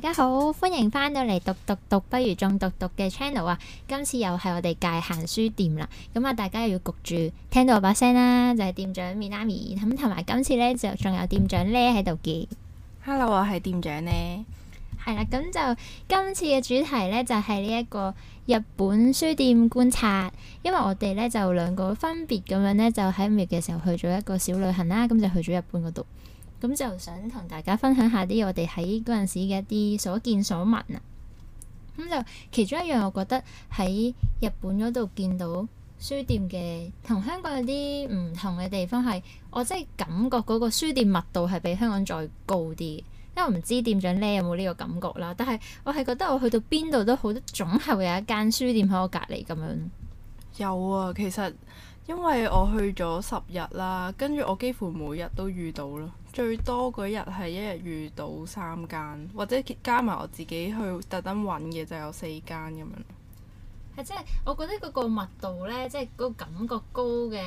大家好，歡迎翻到嚟讀讀讀不如中讀讀嘅 channel 啊！今次又係我哋界限書店啦，咁啊大家又要焗住聽到我把聲啦，就係、是、店長 Mi 咁同埋今次咧就仲有店長咧喺度嘅。Hello，我係店長咧。係啦，咁就今次嘅主題咧就係呢一個日本書店觀察，因為我哋咧就兩個分別咁樣咧就喺五月嘅時候去咗一個小旅行啦，咁就去咗日本嗰度。咁就想同大家分享下啲我哋喺嗰陣時嘅一啲所見所聞啊！咁就其中一樣，我覺得喺日本嗰度見到書店嘅同香港有啲唔同嘅地方係，我真係感覺嗰個書店密度係比香港再高啲。因為我唔知店長咧有冇呢個感覺啦，但係我係覺得我去到邊度都好，總係會有一間書店喺我隔離咁樣。有啊，其實。因為我去咗十日啦，跟住我幾乎每日都遇到咯，最多嗰日係一日遇到三間，或者加埋我自己去特登揾嘅就有四間咁樣。係，即係我覺得嗰個密度呢，即係嗰個感覺高嘅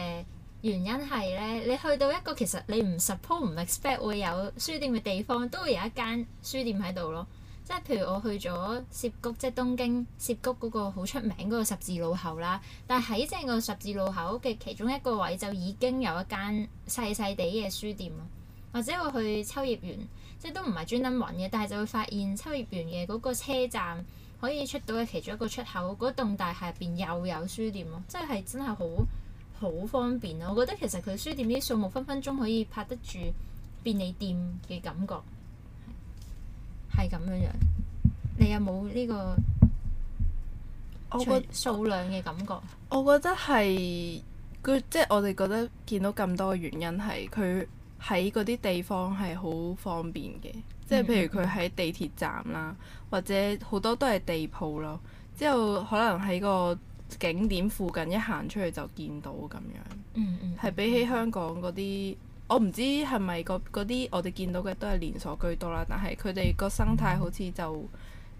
原因係呢，你去到一個其實你唔 suppose 唔 expect 會有書店嘅地方，都會有一間書店喺度咯。即係譬如我去咗涉谷，即係東京涉谷嗰個好出名嗰個十字路口啦。但係喺正個十字路口嘅其中一個位就已經有一間細細哋嘅書店咯。或者我去秋葉原，即係都唔係專登揾嘅，但係就會發現秋葉原嘅嗰個車站可以出到嘅其中一個出口，嗰棟大廈入邊又有書店咯。即係真係好好方便咯。我覺得其實佢書店啲數目分分鐘可以拍得住便利店嘅感覺。係咁樣樣，你有冇呢、呢個我覺數量嘅感覺？我覺得係佢，即係我哋覺得見到咁多嘅原因係佢喺嗰啲地方係好方便嘅，即係譬如佢喺地鐵站啦，嗯嗯嗯，或者好多都係地鋪咯。之後可能喺個景點附近一行出去就見到咁樣，嗯係、嗯嗯、比起香港嗰啲。我唔知係咪嗰啲我哋見到嘅都係連鎖居多啦，但係佢哋個生態好似就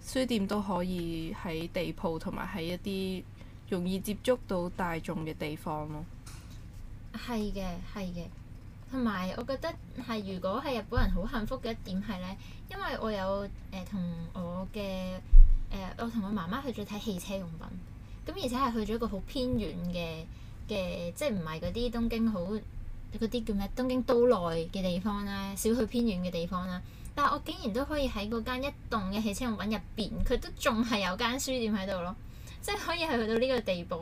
書店都可以喺地鋪同埋喺一啲容易接觸到大眾嘅地方咯。係嘅，係嘅。同埋我覺得係，如果係日本人好幸福嘅一點係呢，因為我有誒同、呃、我嘅誒、呃、我同我媽媽去咗睇汽車用品，咁而且係去咗一個好偏遠嘅嘅，即係唔係嗰啲東京好。嗰啲叫咩？東京都內嘅地方啦、啊，少去偏遠嘅地方啦、啊。但係我竟然都可以喺嗰間一棟嘅汽車用品入邊，佢都仲係有間書店喺度咯。即係可以係去到呢個地步，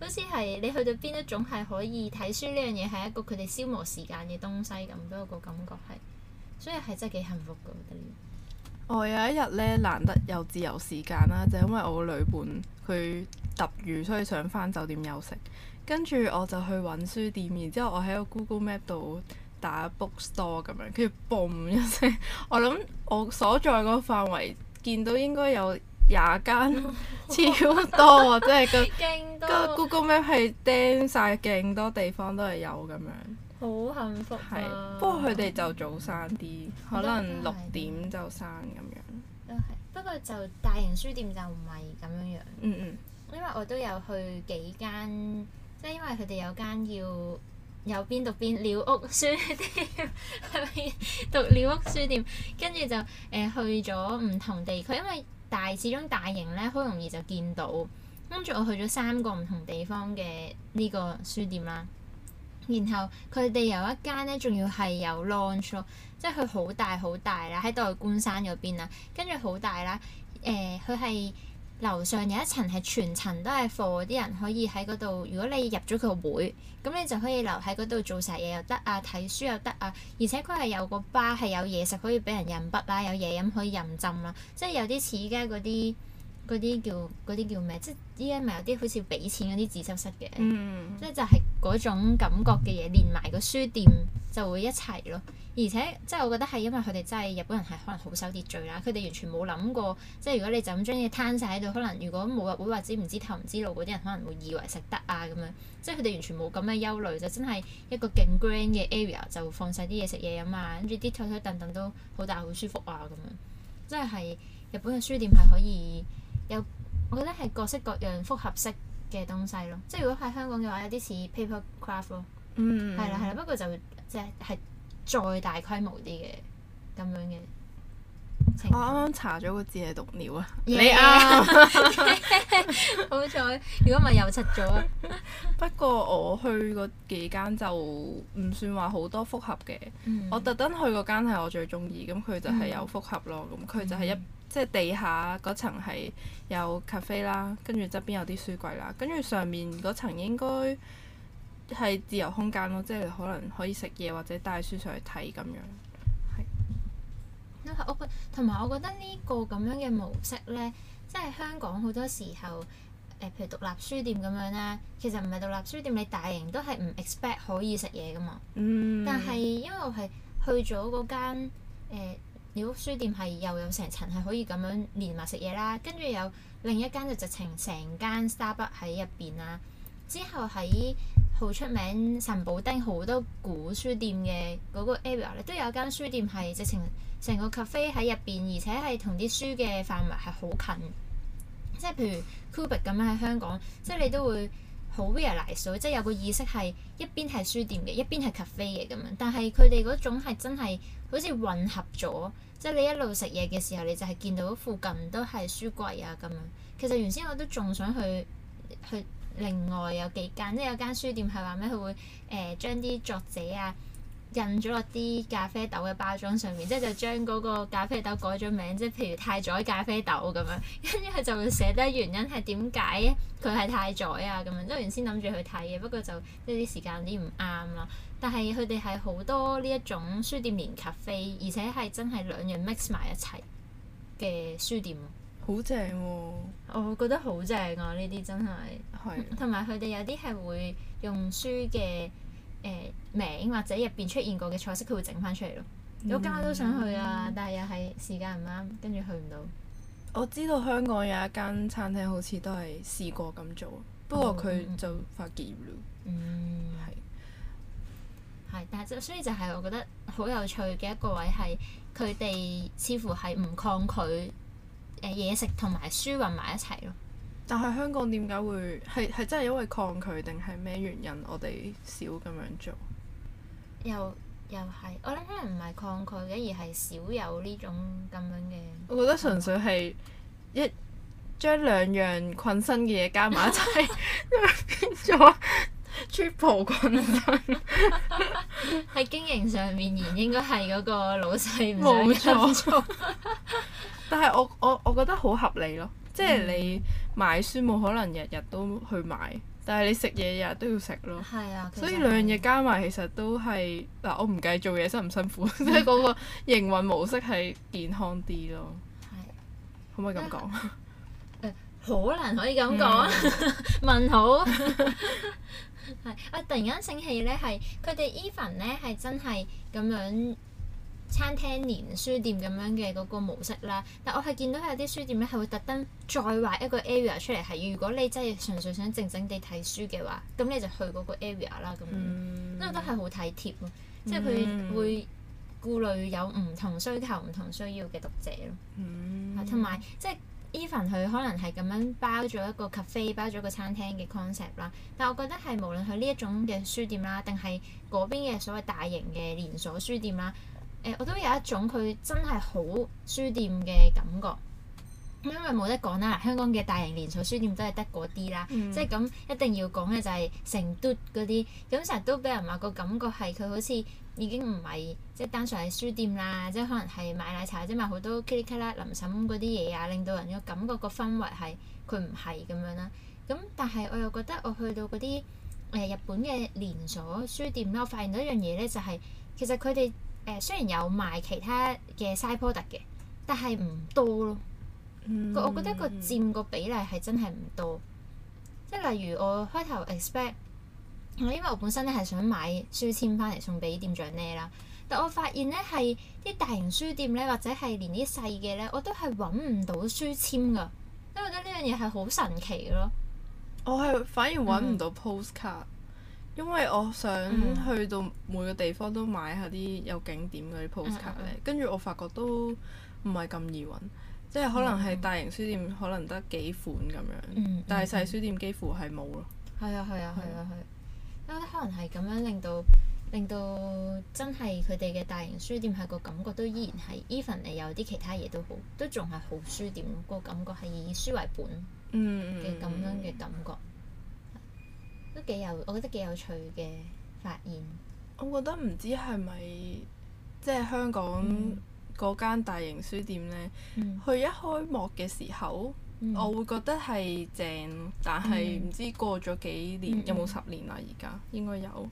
好似係你去到邊都總係可以睇書呢樣嘢係一個佢哋消磨時間嘅東西咁，俾我個感覺係。所以係真係幾幸福噶，我覺得。我有一日咧，難得有自由時間啦，就是、因為我女伴佢揼魚，所以想返酒店休息。跟住我就去揾書店，然之後我喺個 Google Map 度打 book store 咁樣，跟住 boom 一聲，我諗我所在個範圍見到應該有廿間，哦哦、超多啊！真係 個,多個 Google Map 係釘晒勁多地方都係有咁樣，好幸福啊！不過佢哋就早閂啲，嗯、可能六點就閂，咁樣。嗯嗯、樣都係，不過就大型書店就唔係咁樣樣。嗯嗯，嗯因為我都有去幾間。即係因為佢哋有間叫有邊讀邊鳥屋書店， 係咪讀鳥屋書店？跟住就誒、呃、去咗唔同地區，因為大始終大型咧好容易就見到。跟住我去咗三個唔同地方嘅呢個書店啦。然後佢哋有一間咧，仲要係有 lounge 咯，即係佢好大好大啦，喺代官山嗰邊啦，跟住好大啦，誒佢係。樓上有一層係全層都係貨，啲人可以喺嗰度。如果你入咗佢個會，咁你就可以留喺嗰度做成日嘢又得啊，睇書又得啊。而且佢係有個吧，係有嘢食可以俾人任筆啦、啊，有嘢飲可以任斟啦、啊，即係有啲似依家嗰啲。嗰啲叫嗰啲叫咩？即係依家咪有啲好似俾錢嗰啲自修室嘅，mm hmm。即就係嗰種感覺嘅嘢，連埋個書店就會一齊咯。而且即我覺得係因為佢哋真係日本人係可能好守秩序啦，佢哋完全冇諗過，即如果你就咁將嘢攤晒喺度，可能如果冇話會話知唔知頭唔知路嗰啲人可能會以為食得啊咁樣。即佢哋完全冇咁嘅憂慮，就真係一個勁 grand 嘅 area 就放晒啲嘢食嘢飲啊嘛，跟住啲枱枱凳凳都好大好舒服啊咁樣。即係係日本嘅書店係可以。有，我覺得係各式各樣複合式嘅東西咯。即係如果喺香港嘅話，有啲似 paper craft 咯。嗯。係啦係啦，不過就即係係再大規模啲嘅咁樣嘅。我啱啱查咗個字係讀鳥啊！你啱。好彩，如果唔係又窒咗。 不過我去嗰幾間就唔算話好多複合嘅。嗯、我特登去嗰間係我最中意，咁佢就係有複合咯。咁佢、嗯、就係一。即係地下嗰層係有咖啡啦，跟住側邊有啲書櫃啦，跟住上面嗰層應該係自由空間咯，即係可能可以食嘢或者帶書上去睇咁樣。係。我覺，同埋我覺得呢個咁樣嘅模式咧，即係香港好多時候誒、呃，譬如獨立書店咁樣啦，其實唔係獨立書店，你大型都係唔 expect 可以食嘢噶嘛。嗯、但係因為我係去咗嗰間、呃如果書店係又有成層係可以咁樣連埋食嘢啦，跟住有另一間就直情成間 Starbucks 喺入邊啦。之後喺好出名神保町，好多古書店嘅嗰個 area 咧，都有間書店係直情成個 cafe 喺入邊，而且係同啲書嘅範圍係好近。即係譬如 Kubrick 咁樣喺香港，即係你都會。好 realistic，即係有個意識係一邊係書店嘅，一邊係 cafe 嘅咁樣。但係佢哋嗰種係真係好似混合咗，即係你一路食嘢嘅時候，你就係見到附近都係書櫃啊咁樣。其實原先我都仲想去去另外有幾間，即係有間書店係話咩？佢會誒將啲作者啊～印咗落啲咖啡豆嘅包裝上面，即係就將嗰個咖啡豆改咗名，即係譬如太宰咖啡豆咁樣，跟住佢就會寫得原因係點解佢係太宰啊咁樣。都原先諗住去睇嘅，不過就即係啲時間有啲唔啱啦。但係佢哋係好多呢一種書店連咖啡，而且係真係兩樣 mix 埋一齊嘅書店。好正喎！我覺得好正啊！呢啲真係，同埋佢哋有啲係會用書嘅。誒、呃、名或者入邊出現過嘅菜式，佢會整翻出嚟咯。有間、嗯、都想去啊，嗯、但係又係時間唔啱，跟住去唔到。我知道香港有一間餐廳，好似都係試過咁做，哦、不過佢就發結業咯。嗯，係是。係，但係就所以就係我覺得好有趣嘅一個位係，佢哋似乎係唔抗拒誒嘢、呃、食同埋書混埋一齊咯。但係香港點解會係係真係因為抗拒定係咩原因？我哋少咁樣做，又又係我諗，可能唔係抗拒嘅，而係少有呢種咁樣嘅。我覺得純粹係一將兩樣困身嘅嘢加埋一齊， 變咗 triple 困身。喺 經營上面，而應該係嗰個老細冇錯。 但係我我我覺得好合理咯，即係你。嗯買書冇可能日日都去買，但係你食嘢日日都要食咯，啊、所以兩樣嘢加埋其實都係嗱，我唔計做嘢辛唔辛苦，即係嗰個營運模式係健康啲咯、啊呃。可唔可以咁講？誒，可能可以咁講。問好。啊、 呃，突然間醒起咧，係佢哋 even 咧係真係咁樣。餐廳連書店咁樣嘅嗰個模式啦，但我係見到有啲書店咧係會特登再畫一個 area 出嚟，係如果你真係純粹想靜靜地睇書嘅話，咁你就去嗰個 area 啦。咁，因為、嗯、都係好體貼咯，嗯、即係佢會顧慮有唔同需求、嗯、唔同需要嘅讀者咯，同埋、嗯、即係 even 佢可能係咁樣包咗一個 cafe，包咗個餐廳嘅 concept 啦。但我覺得係無論佢呢一種嘅書店啦，定係嗰邊嘅所謂大型嘅連鎖書店啦。誒、欸，我都有一種佢真係好書店嘅感覺，因為冇得講啦。香港嘅大型連鎖書店都係得嗰啲啦，嗯、即係咁一定要講嘅就係誠品嗰啲，咁成日都俾人話個感覺係佢好似已經唔係即係單純係書店啦，即係可能係賣奶茶啫嘛，好多 kalala、臨審嗰啲嘢啊，令到人嘅感覺個氛圍係佢唔係咁樣啦。咁但係我又覺得我去到嗰啲誒日本嘅連鎖書店咧，我發現到一樣嘢咧，就係其實佢哋。誒雖然有賣其他嘅 side product 嘅，但係唔多咯。我、嗯、我覺得個佔個比例係真係唔多。即係例如我開頭 expect，我因為我本身咧係想買書籤翻嚟送俾店長咧啦，但我發現咧係啲大型書店咧，或者係連啲細嘅咧，我都係揾唔到書籤噶。因為覺得呢樣嘢係好神奇咯。我係反而揾唔到 postcard、嗯。因為我想去到每個地方都買下啲有景點嗰啲 postcard 咧、嗯，跟、嗯、住、嗯、我發覺都唔係咁易揾。嗯、即係可能係大型書店可能得幾款咁樣，但係細書店幾乎係冇咯。係、嗯嗯嗯、啊，係啊，係啊，係、啊，因為、啊啊、可能係咁樣令到令到真係佢哋嘅大型書店係個感覺都依然係，even 你有啲其他嘢都好，都仲係好書店咯。個感覺係以書為本嗯，嗯嘅咁、嗯、樣嘅感覺。都幾有，我覺得幾有趣嘅發現。我覺得唔知係咪，即係香港嗰間大型書店咧，佢、嗯、一開幕嘅時候，嗯、我會覺得係正，但係唔知過咗幾年，嗯、有冇十年啦？而家應該有。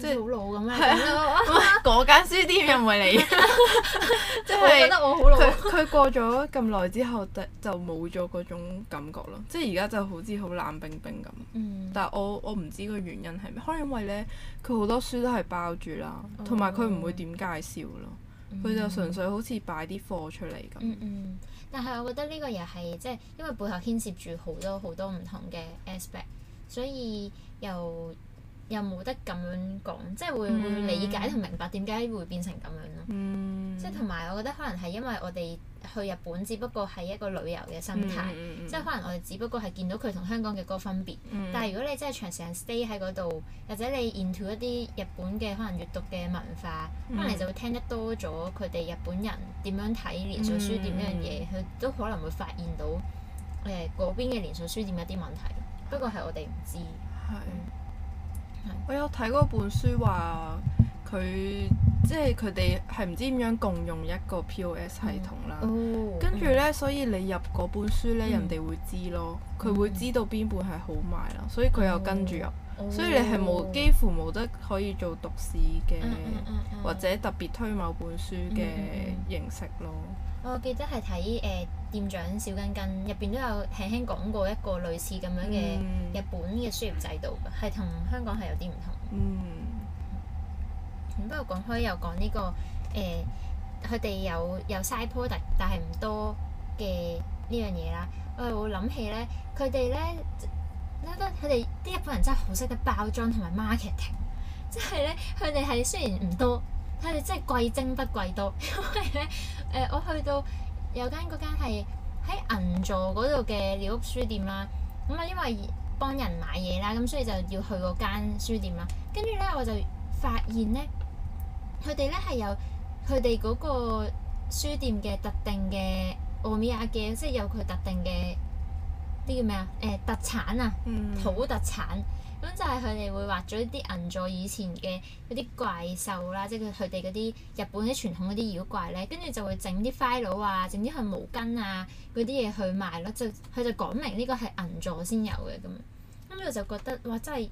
即係好老咁、啊、樣，嗰、啊啊、間書店又唔係嚟。我覺得我好老。佢過咗咁耐之後，就就冇咗嗰種感覺囉。即係而家就好似好冷冰冰咁。嗯、但係我我唔知個原因係咩，可能因為咧，佢好多書都係包住啦，同埋佢唔會點介紹咯。佢、嗯、就純粹好似擺啲貨出嚟咁、嗯嗯。但係我覺得呢個又係即係因為背後牽涉住好多好多唔同嘅 aspect，所以又。又冇得咁樣講，即係會會理解同明白點解會變成咁樣咯。嗯、即係同埋我覺得可能係因為我哋去日本，只不過係一個旅遊嘅心態，嗯、即係可能我哋只不過係見到佢同香港嘅嗰個分別。嗯、但係如果你真係長時間 stay 喺嗰度，或者你 into 一啲日本嘅可能閱讀嘅文化，嗯、可能你就會聽得多咗佢哋日本人點樣睇連鎖書店呢樣嘢，佢、嗯、都可能會發現到誒嗰、呃、邊嘅連鎖書店有啲問題。不過係我哋唔知。嗯我有睇嗰本書話啊。佢即係佢哋係唔知點樣共用一個 POS 系統啦，跟住咧，所以你入嗰本書咧，人哋會知咯，佢會知道邊本係好賣啦，所以佢又跟住入，所以你係冇幾乎冇得可以做讀史嘅或者特別推某本書嘅形式咯。我記得係睇誒店長小根根入邊都有輕輕講過一個類似咁樣嘅日本嘅書業制度嘅，係同香港係有啲唔同。不過講開又講呢、這個誒，佢、呃、哋有有晒 product，但係唔多嘅呢樣嘢啦。我係會諗起咧，佢哋咧，覺得佢哋啲日本人真係好識得包裝同埋 marketing。即係咧，佢哋係雖然唔多，但係真係貴精不貴多。因為咧，誒、呃，我去到有間嗰間係喺銀座嗰度嘅蔦屋書店啦。咁、嗯、啊，因為幫人買嘢啦，咁所以就要去嗰間書店啦。跟住咧，我就發現咧。佢哋咧，係有佢哋嗰個書店嘅特定嘅おみやげ嘅，即係有佢特定嘅啲叫咩啊？誒、欸、特產啊，嗯、土特產。咁就係佢哋會畫咗啲銀座以前嘅嗰啲怪獸啦，即係佢佢哋嗰啲日本啲傳統嗰啲妖怪咧，跟住就會整啲 file 啊，整啲佢毛巾啊嗰啲嘢去賣咯。就佢就講明呢個係銀座先有嘅咁。咁我就覺得哇，真係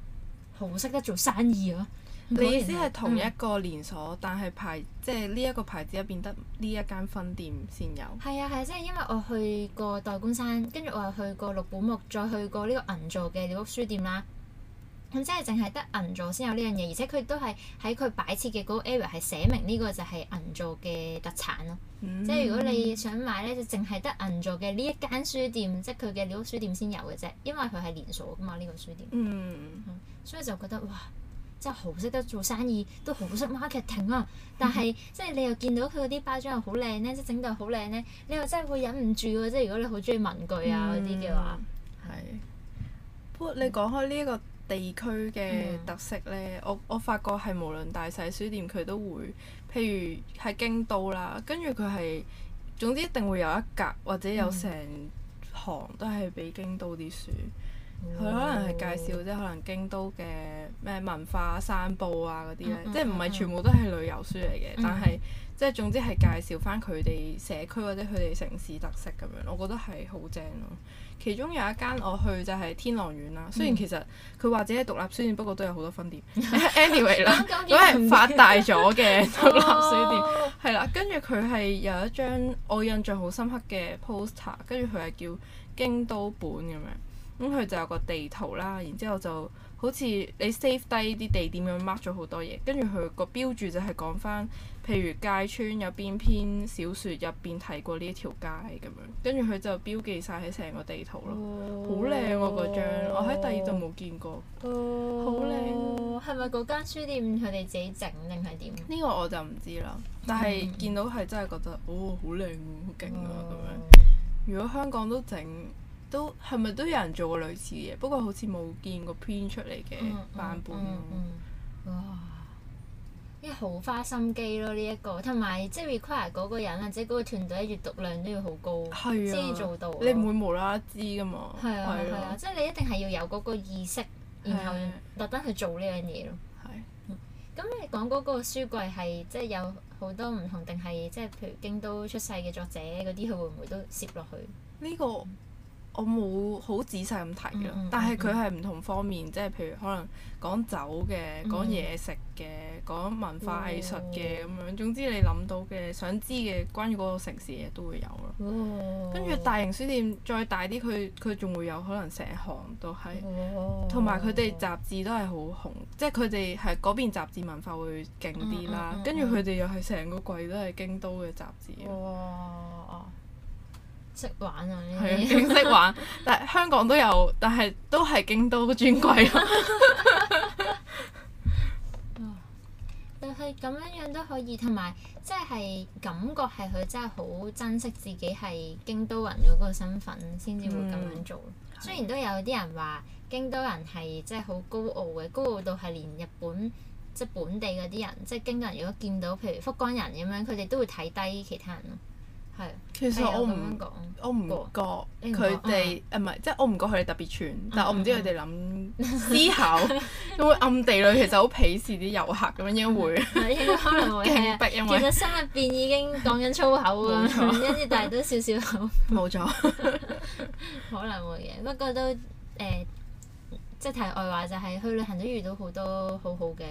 好識得做生意啊！你意思係同一個連鎖，嗯、但係牌即係呢一個牌子入邊得呢一間分店先有。係啊係啊，即係因為我去過代官山，跟住我又去過六本木，再去過呢個銀座嘅蔦屋書店啦。咁、嗯、即係淨係得銀座先有呢樣嘢，而且佢都係喺佢擺設嘅嗰個 area 係寫明呢個就係銀座嘅特產咯。嗯、即係如果你想買呢，就淨係得銀座嘅呢一間書店，即係佢嘅蔦屋書店先有嘅啫。因為佢係連鎖㗎嘛，呢、呢個書店。嗯、所以就覺得哇～真係好識得做生意，都好識 marketing 啊！但係、嗯、即係你又見到佢嗰啲包裝又好靚咧，即整到好靚咧，你又真係會忍唔住喎！即係如果你好中意文具啊嗰啲嘅話，係、嗯。不過你講開呢一個地區嘅特色咧，嗯、我我發覺係無論大細書店佢都會，譬如喺京都啦，跟住佢係總之一定會有一格或者有成行都係俾京都啲書。嗯。佢可能係介紹即係、oh. 可能京都嘅咩文化散、啊、步啊嗰啲咧，mm hmm. 即係唔係全部都係旅遊書嚟嘅，mm hmm. 但係即係總之係介紹返佢哋社區或者佢哋城市特色咁樣，我覺得係好正咯。其中有一間我去就係天狼院啦、啊，雖然其實佢話自己係獨立書店，不過、mm hmm. 都有好多分店。 uh, anyway 啦，佢係發大咗嘅獨立書店，係、oh. 啦。跟住佢係有一張我印象好深刻嘅 poster，跟住佢係叫京都本咁樣。咁佢、嗯、就有個地圖啦，然之後就好似你 save 低啲地點咁 mark 咗好多嘢，跟住佢個標註就係講翻，譬如街村有邊篇小說入邊提過呢一條街咁樣，跟住佢就標記晒喺成個地圖咯，好靚喎嗰張，啊哦、我喺第二度冇見過。好靚、哦！係咪嗰間書店佢哋自己整定係點？呢個我就唔知啦，但係見到係真係覺得，嗯、哦，好靚、啊，好勁啊咁樣。如果香港都整？都係咪都有人做過類似嘅嘢？不過好似冇見過編出嚟嘅版本咯、嗯嗯嗯。哇！依好花心機咯，呢、這、一個同埋即係 require 嗰個人，或者嗰個團隊閲讀量都要好高先、啊、做到。你唔會無啦啦知㗎嘛？係啊，係啊，啊啊即係你一定係要有嗰個意識，然後特登去做呢樣嘢咯。係、啊。咁、嗯、你講嗰個書櫃係即係有好多唔同，定係即係譬如京都出世嘅作者嗰啲，佢會唔會都攝落去？呢、這個。我冇好仔細咁睇啦，但係佢係唔同方面，即係譬如可能講酒嘅、講嘢食嘅、講文化藝術嘅咁樣。總之你諗到嘅、想知嘅關於嗰個城市嘅嘢都會有咯。跟住大型書店再大啲，佢佢仲會有可能成行都係。同埋佢哋雜誌都係好紅，即係佢哋係嗰邊雜誌文化會勁啲啦。跟住佢哋又係成個季都係京都嘅雜誌。識玩啊！呢啲勁識玩，但係香港都有，但係都係京都專櫃咯。但係咁樣樣都可以，同埋即係感覺係佢真係好珍惜自己係京都人嗰個身份，先至會咁樣做。嗯、雖然都有啲人話京都人係即係好高傲嘅，高傲到係連日本即係、就是、本地嗰啲人，即、就、係、是、京都人如果見到譬如福岡人咁樣，佢哋都會睇低其他人咯。係，其實我唔我唔覺佢哋，誒唔係，即係我唔覺佢哋特別串，但係我唔知佢哋諗思考會暗地裏其實好鄙視啲遊客咁樣，應該會，可能會，其實心入邊已經講緊粗口啊，跟住但係都少少冇錯，可能會嘅，不過都誒，即係題外話就係去旅行都遇到好多好好嘅。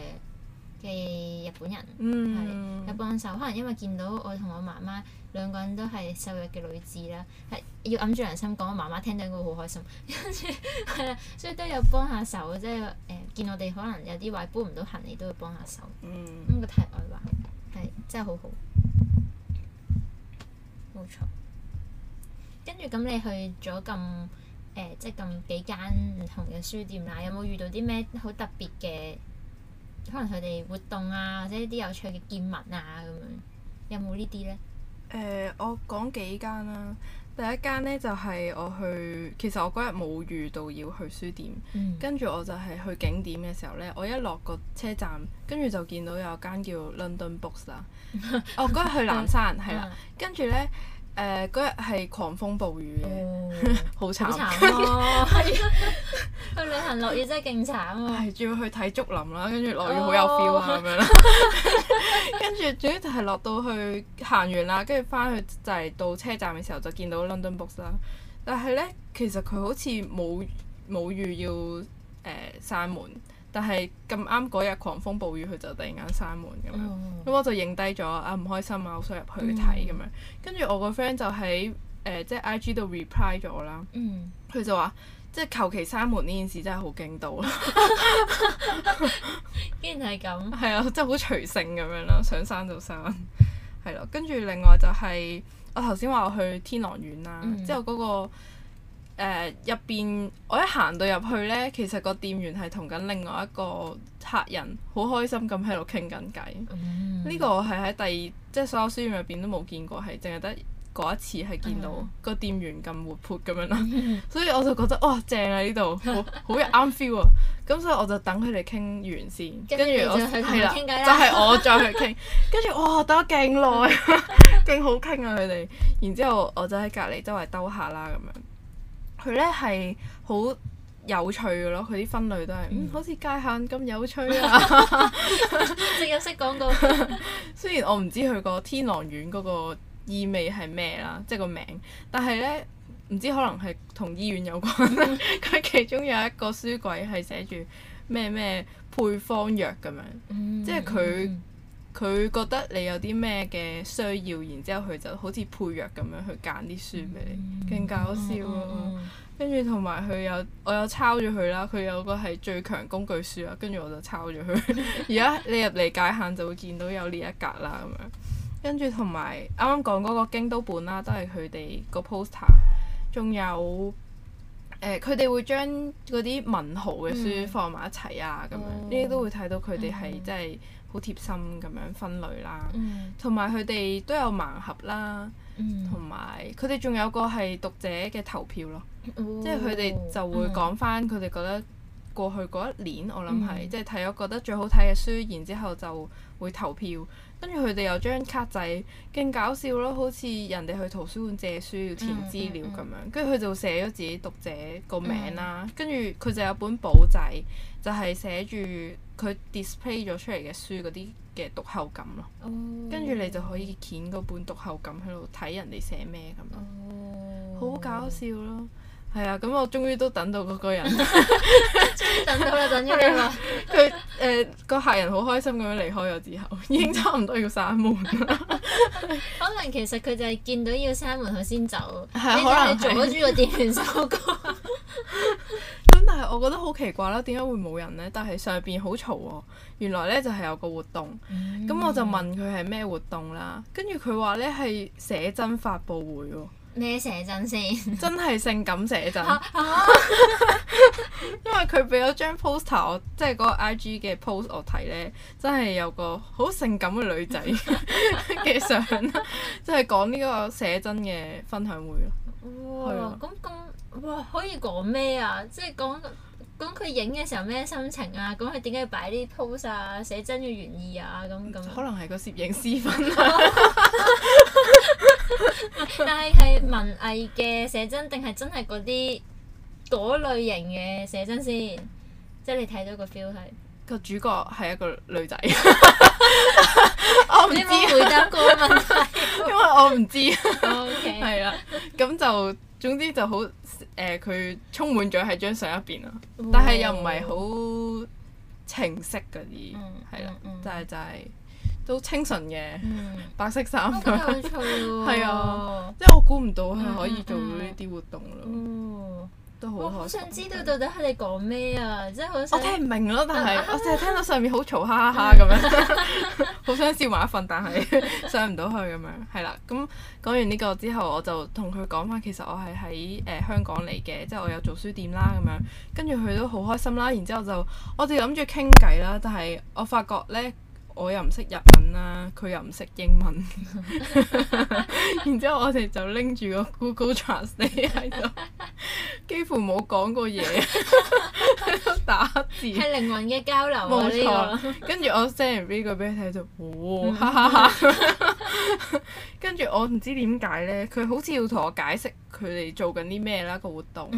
嘅日本人係、嗯、有幫手，可能因為見到我同我媽媽兩個人都係瘦弱嘅女子啦，係要揞住良心講，我媽媽聽到應該會好開心。跟住係啊，所以都有幫下手，即係誒、呃、見我哋可能有啲位搬唔到行李都會幫下手。嗯，咁個題外話係真係好好，冇錯。跟住咁，你去咗咁誒，即係咁幾間唔同嘅書店啦，有冇遇到啲咩好特別嘅？可能佢哋活動啊，或者一啲有趣嘅見聞啊，咁樣有冇呢啲呢？誒、呃，我講幾間啦、啊。第一間呢，就係、是、我去，其實我嗰日冇遇到要去書店，跟住、嗯、我就係去景點嘅時候呢，我一落個車站，跟住就見到有間叫 London Books 啦、 哦。我嗰日去南山，係啦，跟住呢。嗰日係狂風暴雨嘅，哦、 好慘咯！啊、 去旅行落雨真係勁慘喎、啊，係仲要去睇竹林啦，跟住落雨好有 feel 啊咁樣啦，跟住總之就係落到去行完啦，跟住翻去就係、是、到車站嘅時候就見到 London Books 啦，但係呢，其實佢好似冇冇預要誒閂、呃、門。但係咁啱嗰日狂風暴雨，佢就突然間閂門咁樣，咁我就影低咗，啊唔開心啊，呃、我想入去睇咁樣。跟住我個 friend 就喺誒即係 IG 度 reply 咗啦，佢就話即係求其閂門呢件事真係好勁到，竟 然係咁。係、 嗯、 啊，真係好隨性咁樣啦，想閂就閂，係 咯。跟住另外就係我頭先話我去天狼院啦，之、mm. 後嗰、那個。誒入邊，我一行到入去咧，其實個店員係同緊另外一個客人，好開心咁喺度傾緊偈。呢、嗯、個我係喺第二，即係所有書院入邊都冇見過，係淨係得嗰一次係見到個店員咁活潑咁樣啦。嗯、 所以我就覺得哇，正啊呢度，好有啱 feel 啊。咁 所以我就等佢哋傾完先，跟住 我係 啦，就係、係、我再去傾。跟住 哇，傾得勁耐，勁 好傾啊佢哋。然之後，後我就喺隔離周圍兜下啦咁樣。佢咧係好有趣嘅咯，佢啲分類都係，嗯，好似、嗯、界限咁有趣啊！即係有識講個。雖然我唔知佢個天狼院嗰個意味係咩啦，即係個名，但係咧唔知可能係同醫院有關。佢、嗯、 其中有一個書櫃係寫住咩咩配方藥咁樣，嗯、即係佢。佢覺得你有啲咩嘅需要，然之後佢就好似配藥咁樣去揀啲書俾你，勁搞笑啊！跟住同埋佢有，我有抄咗佢啦。佢有個係《最強工具書》啊，跟住我就抄咗佢。而 家你入嚟界限就會見到有呢一格啦，咁樣。跟住同埋啱啱講嗰個京都本啦、啊，都係佢哋個 poster，仲有佢哋、呃、會將嗰啲文豪嘅書放埋一齊啊，咁、嗯、樣呢啲、嗯、都會睇到佢哋係即係。嗯嗯好貼心咁樣分類啦，同埋佢哋都有盲盒啦，同埋佢哋仲有個係讀者嘅投票咯，哦、即係佢哋就會講翻佢哋覺得過去嗰一年、嗯、我諗係，即係睇咗覺得最好睇嘅書，然之後就會投票。跟住佢哋又張卡仔，勁搞笑咯！好似人哋去圖書館借書要填資料咁樣，跟住佢就寫咗自己讀者個名啦。跟住佢就有本簿仔，就係、是、寫住佢 display 咗出嚟嘅書嗰啲嘅讀後感咯。跟住、哦、你就可以揀嗰本讀後感喺度睇人哋寫咩咁咯。哦、好搞笑咯！係、嗯、啊，咁我終於都等到嗰個人。 終於等到喇，終於嚟喇，佢誒個客人好開心咁樣離開咗之後，已經差唔多要閂門啦。 可能其實佢就係見到要閂門，佢先走。係 可能阻住個店員收工。咁 但係我覺得好奇怪啦，點解會冇人咧？但係上邊好嘈喎。原來咧就係有個活動，咁、嗯、我就問佢係咩活動啦。跟住佢話咧係寫真發佈會喎。咩寫真先？真係性感寫真。 因為佢俾咗張 poster，我即係嗰個 IG 嘅 post，我睇呢真係有個好性感嘅女仔嘅相，即係講呢個寫真嘅分享會咯。哇！咁咁了哇，可以講咩啊？即係講。講佢影嘅時候咩心情啊？講佢點解要擺啲 pose 啊？寫真嘅原意啊？咁咁。可能係個攝影師分啊。但係係文藝嘅寫真定係真係嗰啲嗰類型嘅寫真先？即係你睇到個 feel 係。個主角係一個女仔。 我唔知。啊、回答個問題、啊。 因為我唔知 Okay。 O K。係啦，咁就。總之就好，誒、呃，佢充滿咗喺張相一邊咯，哇但係又唔係好情色嗰啲，係啦、嗯，嗯、係就係就係都清純嘅、嗯、白色衫咁，係啊，即係我估唔到佢可以做到呢啲活動咯。嗯嗯嗯都好想知道到底喺你講咩啊！即係好想。我聽唔明咯，但係我淨係聽到上面好嘈哈哈哈咁樣，好 想笑埋一份，但係上唔到去咁樣。係啦，咁講完呢個之後，我就同佢講翻，其實我係喺誒香港嚟嘅，即係我有做書店啦咁樣。跟住佢都好開心啦，然之後就我哋諗住傾偈啦，但係我發覺咧。我又唔識日文啦，佢又唔識英文， 然之後我哋就拎住個 Google Translate 喺度， 幾乎冇講過嘢， 打字。係靈魂嘅交流啊！冇錯，呢跟住我 send 完呢個俾佢睇就，哇！ 跟住我唔知點解咧，佢好似要同我解釋佢哋做緊啲咩啦個活動，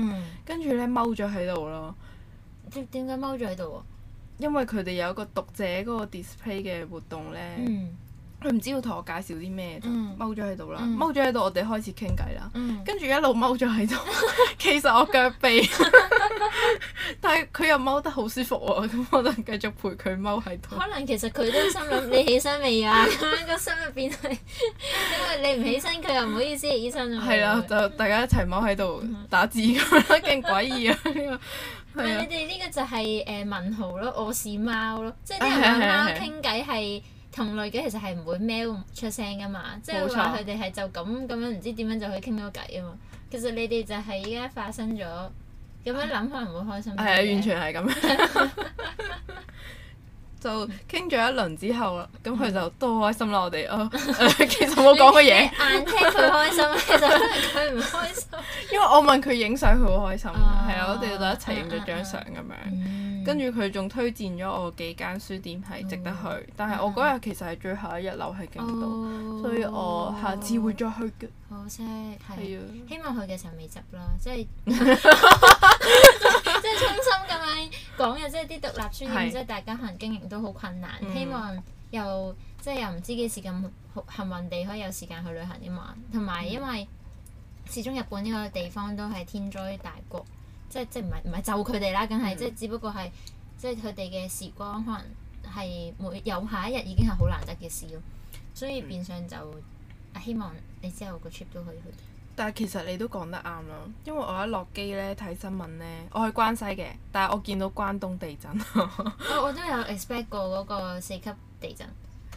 跟住咧踎咗喺度咯。點點解踎咗喺度啊？因為佢哋有一個讀者嗰個 display 嘅活動咧，佢唔、嗯、知要同我介紹啲咩，就踎咗喺度啦，踎咗喺度我哋開始傾偈啦，嗯、跟住一路踎咗喺度，其實我腳痹， 但係佢又踎得好舒服喎，咁、啊、我就繼續陪佢踎喺度。可能其實佢都心諗 你起 你起身未啊？咁樣個心入邊係，因為你唔起身，佢又唔好意思起身啊係啦，就大家一齊踎喺度打字咁樣，勁 詭異啊！這個唔係、 哎、你哋呢個就係誒問號咯，我是貓咯，即係啲人話貓傾偈係同類嘅，其實係唔會喵出聲噶嘛，即係話佢哋係就咁咁樣唔知點樣就可以傾到偈啊嘛。其實你哋就係依家發生咗咁樣諗，可能會開心啲。係啊、哎，完全係咁。 就傾咗一輪之後啦，咁佢就都好開心啦。我哋哦，其實冇講過嘢，硬聽佢開心，其實真係佢唔開心。因為我問佢影相，佢好開心嘅，係啊，我哋就一齊影咗張相咁樣。跟住佢仲推薦咗我幾間書店係值得去，但係我嗰日其實係最後一日留喺京都，所以我下次會再去嘅。可惜係啊，希望去嘅時候未執啦，即係即係。講嘅即係啲獨立書店，即係是大家行經營都好困難。嗯、希望又即係、就是、又唔知幾時咁幸運地可以有時間去旅行啊嘛。同埋因為始終日本呢個地方都係天災大國，即係即係唔係唔係咒佢哋啦，梗係即係只不過係即係佢哋嘅時光，可能係每有下一日已經係好難得嘅事咯。所以變相就、嗯啊、希望你之後個 trip 都可以去。但係其實你都講得啱咯，因為我一落機咧睇新聞咧，我去關西嘅，但係我見到關東地震。我、 哦、我都有 expect 過嗰個四級地震，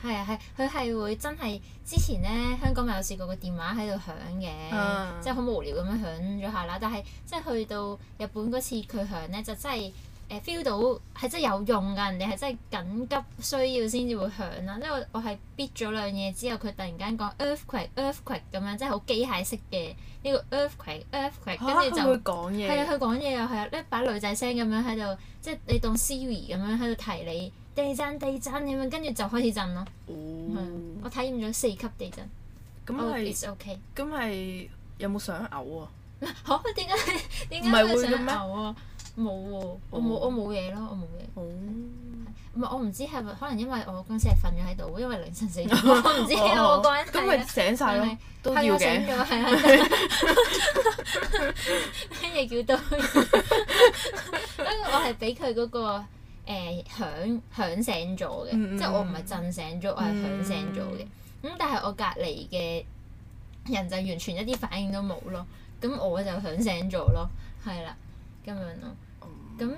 係啊係，佢係會真係之前咧香港咪有試過個電話喺度響嘅、嗯，即係好無聊咁樣響咗下啦，但係即係去到日本嗰次佢響咧就真係。誒 feel 到係真係有用㗎，人哋係真係緊急需要先至會響啦。因為我我係 b 咗兩嘢之後，佢突然間講 earthquake earthquake 咁樣，即係好機械式嘅呢、呢個 earthquake earthquake，跟住就係啊，佢講嘢又係啊，一把女仔聲咁樣喺度，即係你當 Siri 咁樣喺度提你地震地震咁樣，跟住就開始震咯、哦嗯。我體驗咗四級地震。咁係是，咁係、oh, okay. 有冇想嘔啊？唔係，點解？點解會想嘔啊？冇喎、哦哦，我冇我冇嘢咯，我冇嘢。唔係、哦、我唔知係咪，可能因為我公司係瞓咗喺度，因為凌晨四點。我唔知我個人咁咪醒晒咯，都要咗，係係。聽日叫到，跟住我係俾佢嗰個誒響響醒咗嘅，即係我唔係震醒咗，我係響醒咗嘅。咁但係我隔離嘅人就完全一啲反應都冇咯，咁我就響醒咗咯，係啦。咁樣咯，咁誒、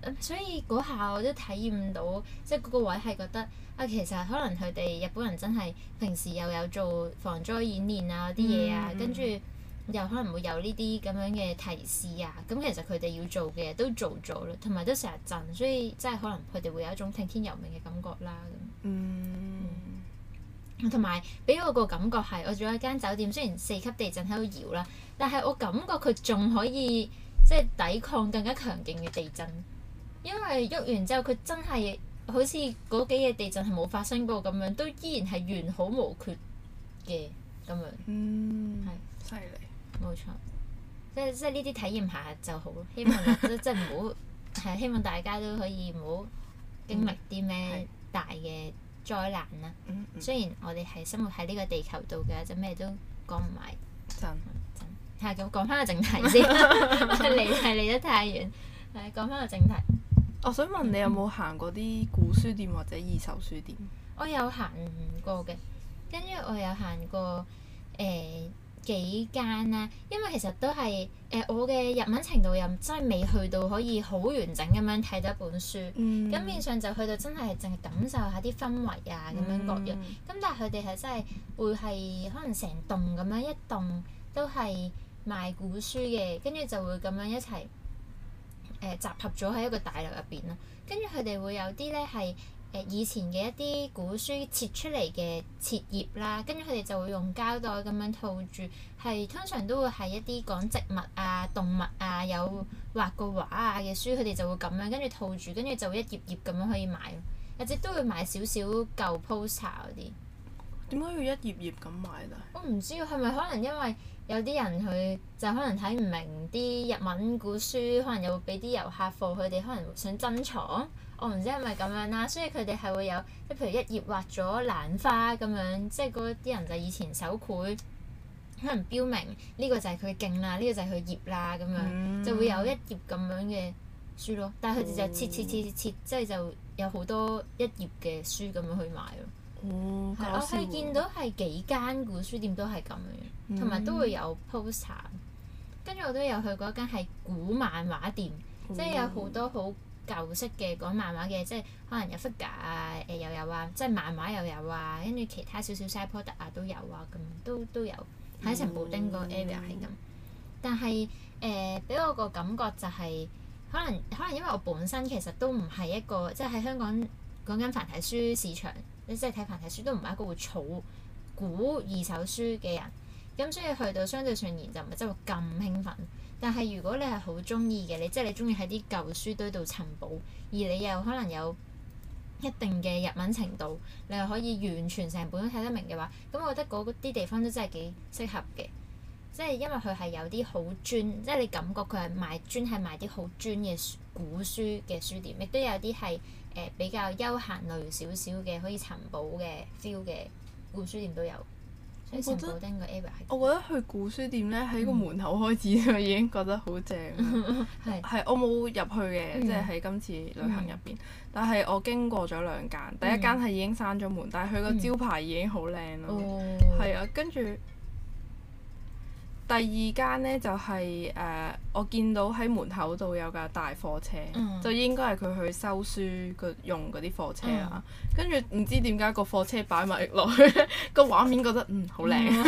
呃，所以嗰下我都體驗到，即係嗰個位係覺得啊，其實可能佢哋日本人真係平時又有做防災演練啊啲嘢啊，嗯、跟住又可能會有呢啲咁樣嘅提示啊。咁其實佢哋要做嘅都做咗啦，同埋都成日震，所以即係可能佢哋會有一種聽天由命嘅感覺啦。咁同埋俾我個感覺係，我住喺間酒店，雖然四級地震喺度搖啦，但係我感覺佢仲可以。即係抵抗更加強勁嘅地震，因為喐完之後，佢真係好似嗰幾日地震係冇發生過咁樣，都依然係完好無缺嘅咁樣。嗯，係犀利，冇害錯。即係即係呢啲體驗下就好，希望 即即唔好係希望大家都可以唔好經歷啲咩大嘅災難啦、啊。嗯、雖然我哋係生活喺呢個地球度嘅，就咩都講唔埋。真、嗯。係咁，講翻個正題先， 離係離得太遠。係講翻個正題。我想、哦、問你有冇行過啲古書店或者二手書店？我有行過嘅，跟住我有行過誒、呃、幾間啦。因為其實都係誒、呃，我嘅日文程度又真係未去到可以好完整咁樣睇到一本書。咁變相就去到真係淨係感受一下啲氛圍啊，咁樣各樣。咁、嗯、但係佢哋係真係會係可能成棟咁樣一棟都係。賣古書嘅，跟住就會咁樣一齊、呃、集合咗喺一個大樓入邊咯。跟住佢哋會有啲咧係以前嘅一啲古書切出嚟嘅切頁啦，跟住佢哋就會用膠袋咁樣套住，係通常都會係一啲講植物啊、動物啊，有畫過畫啊嘅書，佢哋就會咁樣跟住套住，跟住就一頁頁咁樣可以買，有時都會買少少舊，舊 poster 嗰啲。點解要一頁頁咁買咧？我唔知，係咪可能因為？有啲人佢就可能睇唔明啲日文古書，可能又會俾啲遊客貨，佢哋可能想珍藏。我唔知係咪咁樣啦、啊，所以佢哋係會有即係譬如一頁畫咗蘭花咁樣，即係嗰啲人就以前手繪，可能標明呢、這個就係佢嘅莖啦，呢、這個就係佢嘅葉啦咁樣，嗯、就會有一頁咁樣嘅書咯。但係佢哋就切切切切，切，即係就有好多一頁嘅書咁樣去賣咯。嗯、我係見到係幾間古書店都係咁樣，同埋都會有，有 poster。跟住我都有去過一間係古漫畫店，嗯、即係有好多好舊式嘅講漫畫嘅，即係可能有 figure 啊、誒、又有啊，即係漫畫又有啊。跟住其他少少 side product 啊都有啊，咁都都有喺城寶丁個 area 係咁。嗯、但係誒，俾、呃、我個感覺就係、是、可能可能因為我本身其實都唔係一個即係喺香港講緊繁體書市場。你真係睇繁體書都唔係一個會儲古二手書嘅人，咁所以去到相對上然就唔係真係會咁興奮。但係如果你係好中意嘅，你即係你中意喺啲舊書堆度尋寶，而你又可能有一定嘅日文程度，你又可以完全成本都睇得明嘅話，咁我覺得嗰啲地方都真係幾適合嘅。即係因為佢係有啲好專，即係你感覺佢係賣專係賣啲好專嘅古書嘅書店，亦都有啲係。誒、呃、比較休閒類少少嘅可以尋寶嘅 feel 嘅古書店都有，e、我，覺我覺得去古書店呢，喺個門口開始就已經覺得好正。係 是，係我冇入去嘅，嗯、即係喺今次旅行入邊。嗯、但係我經過咗兩間，嗯、第一間係已經閂咗門，但係佢個招牌已經好靚咯。係、嗯、啊，跟住。第二間咧就係、是、誒、呃，我見到喺門口度有架大貨車，嗯、就應該係佢去收書佢用嗰啲貨車啊。嗯、跟住唔知點解個貨車擺埋落去，個 畫面覺得嗯好靚，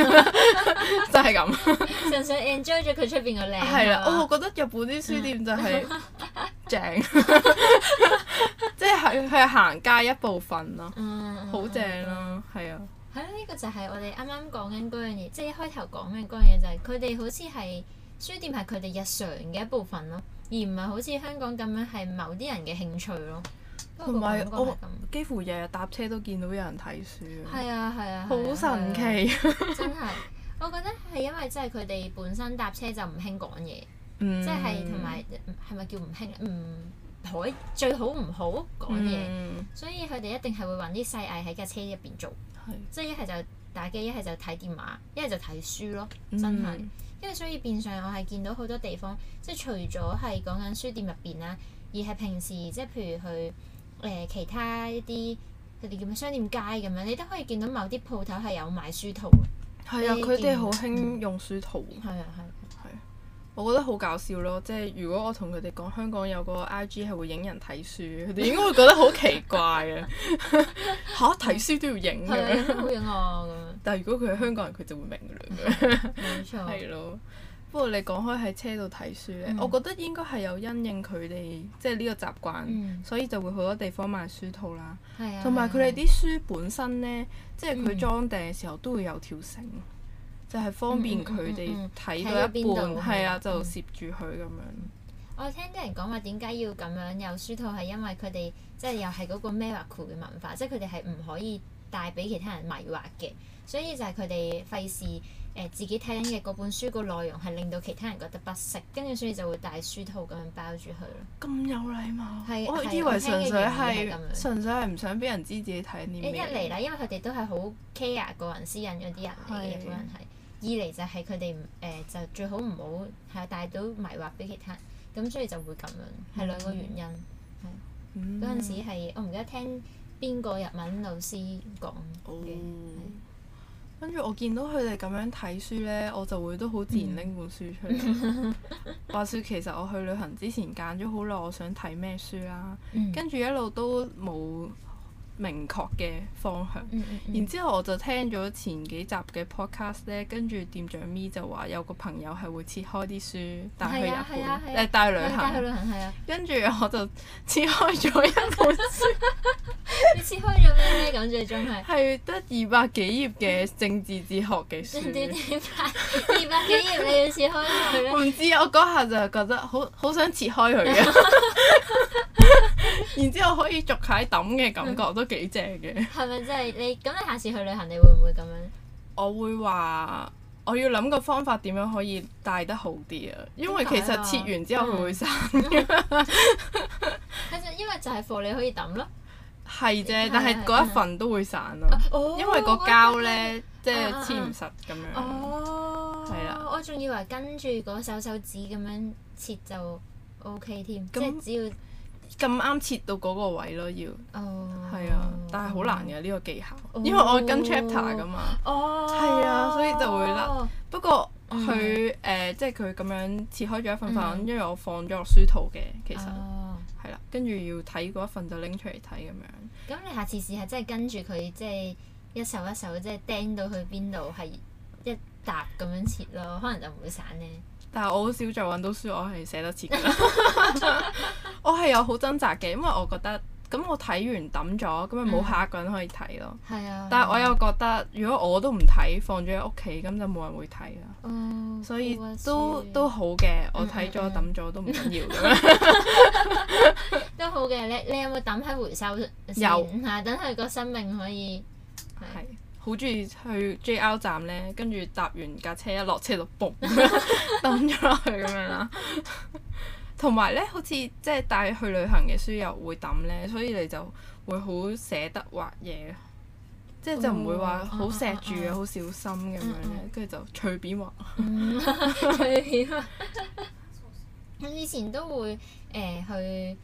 就係咁。純粹 enjoy 咗佢出邊個靚。係 啦，嗎我覺得日本啲書店就係、是嗯、 正，即係佢行街一部分咯，好正咯，係啊。嗯係咯，呢、啊這個就係我哋啱啱講緊嗰樣嘢，即係一開頭講緊嗰樣嘢就係佢哋好似係書店係佢哋日常嘅一部分咯，而唔係好似香港咁樣係某啲人嘅興趣咯。同埋有我幾乎日日搭車都見到有人睇書，係啊係啊，好神奇！真、嗯、係，我覺得係因為即係佢哋本身搭車就唔興講嘢，即係同埋係咪叫唔興唔可以最好唔好講嘢，所以佢哋一定係會揾啲細藝喺架車入邊做。即係一係就打機，一係就睇電話，一係就睇書咯，真係。Mm hmm. 因為所以變相我係見到好多地方，即係除咗係講緊書店入邊啦，而係平時即係譬如去誒其他一啲佢哋叫咩商店街咁樣，你都可以見到某啲鋪頭係有賣書套嘅。係啊、嗯，佢哋好興用書套。係、嗯、啊，係，啊。我覺得好搞笑咯，即係如果我同佢哋講香港有個 IG 係會影人睇書，佢哋應該會覺得好奇怪啊！嚇睇 書都要影嘅，冇影啊。但係如果佢係香港人，佢就會明㗎啦。冇 錯。係咯，不過你講開喺車度睇書咧，嗯、我覺得應該係有因應佢哋即係呢個習慣，嗯、所以就會好多地方賣書套啦，同埋佢哋啲書本身咧，即係佢裝訂嘅時候都會有條繩。就係方便佢哋睇到一半，係啊，的嗯、就攝住佢咁樣。我、哦、聽啲人講話點解要咁樣有書套，係因為佢哋即係又係嗰個 miracle 嘅文化，即係佢哋係唔可以帶俾其他人迷惑嘅，所以就係佢哋費事誒自己睇緊嘅嗰本書個內容係令到其他人覺得不適，跟住所以就會帶書套咁樣包住佢咯。咁有禮貌，我以為純粹係純粹係唔想俾人知自己睇啲咩。一嚟啦，因為佢哋都係好 care 個人私隱嗰啲人嚟嘅，冇人睇。二嚟就係佢哋誒就最好唔好係帶到迷惑俾其他人，咁所以就會咁樣，係兩個原因。嗰陣時係我唔記得聽邊個日文老師講、哦、對跟住我見到佢哋咁樣睇書咧，我就會都好自然拎本書出嚟。嗯、 話說其實我去旅行之前揀咗好耐，我想睇咩書啦，跟住一路都冇。明確嘅方向，嗯嗯嗯，然之後我就聽咗前幾集嘅 podcast 咧，跟住店長 Mi 就話有個朋友係會切開啲書帶去日本，誒、啊啊啊、帶去旅行，跟住我就切開咗一本書。 你切開咗咩咧？咁最仲係係得，得，得百二百幾頁嘅政治哲學嘅書。你點解二百幾頁你要切開佢唔 知我嗰下就覺得好好想切開佢嘅。 然之後可以逐解抌嘅感覺都幾正嘅。 係咪即係你咁？你下次去旅行你會唔會咁樣？我會話我要諗個方法點樣可以帶得好啲啊！因為其實切完之後佢會散嘅、嗯。其實 因為就係貨你可以抌咯。係啫， 但係嗰一份都會散咯。因為個膠咧即係黐唔實咁樣。哦。係啊。我仲以為跟住嗰手手指咁樣切就 OK 添那，即係只要。咁啱切到嗰個位咯，要係、oh. 啊，但係好難嘅呢、oh. 個技巧，因為我跟 chapter 噶嘛，係、oh. 啊，所以就會甩。Oh. 不過佢誒、mm hmm. 呃、即係佢咁樣切開咗一份份，mm hmm. 因為我放咗落書套嘅，其實係啦，跟住、oh. 啊、要睇嗰一份就拎出嚟睇咁樣。咁你下次試下，即係跟住佢，即係一手一手，即係釘到去邊度，係一疊咁樣切咯，可能就唔會散咧。但係我好少再揾到書，我係捨得切嘅。 我係有好掙扎嘅，因為我覺得咁我睇完抌咗，咁咪冇下個人可以睇咯。嗯啊、但係我又覺得，嗯、如果我都唔睇，放咗喺屋企，咁就冇人會睇啦。哦、所以都都好嘅，我睇咗抌咗都唔緊要嘅。都好嘅，你你有冇抌喺回收？有，等佢個生命可以。係的。好中意去 JR 站咧，跟住搭完架車一落車就嘣抌咗落去咁樣啦。同埋咧，好似即係帶去旅行嘅書又會抌咧，所以你就會好捨得畫嘢，即係就唔、是、會話好錫住啊，好小心咁樣咧，跟住、嗯嗯、就隨便畫。我以前都會誒、呃、去，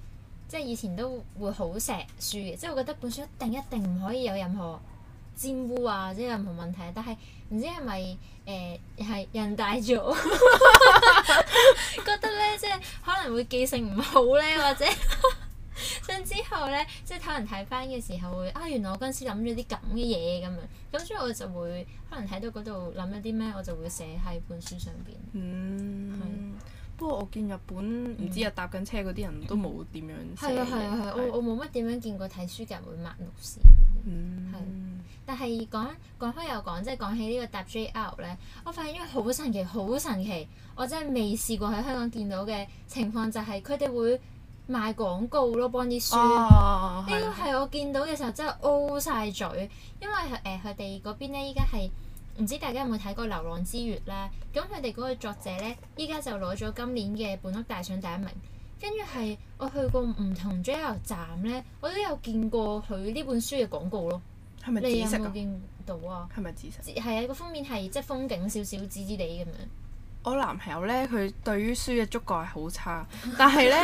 即係以前都會好錫書嘅，即、就、係、是、我覺得本書一定一定唔可以有任何。沾污啊，即係任何問題，但係唔知係咪誒係人大咗， 覺得咧即係可能會記性唔好咧，或者 甚至呢，之後咧即係睇人睇翻嘅時候會啊，原來我嗰陣時諗咗啲咁嘅嘢咁樣，咁所以我就會可能睇到嗰度諗咗啲咩，我就會寫喺本書上邊。嗯。係。不過我見日本唔、嗯、知啊搭緊車嗰啲人都冇點樣。係啊係啊係對，我我冇乜點樣見過睇書嘅人會抹綠線。嗯。但係講講開又講，即係講起呢個搭 JR 咧，我發現因為好神奇，好神奇，我真係未試過喺香港見到嘅情況就係佢哋會賣廣告咯，幫啲書。呢個係我見到嘅時候真係 O 晒嘴，因為誒佢哋嗰邊咧依家係。唔知大家有冇睇過《流浪之月》咧？咁佢哋嗰個作者咧，依家就攞咗今年嘅本屋大獎第一名。跟住係我去過唔同 JR 站咧，我都有見過佢呢本書嘅廣告咯。係咪紫色啊？你有冇見到啊？係咪紫色？係啊，個封面係即係風景少少、紫紫地咁樣。我男朋友咧，佢對於書嘅觸覺係好差， 但係咧，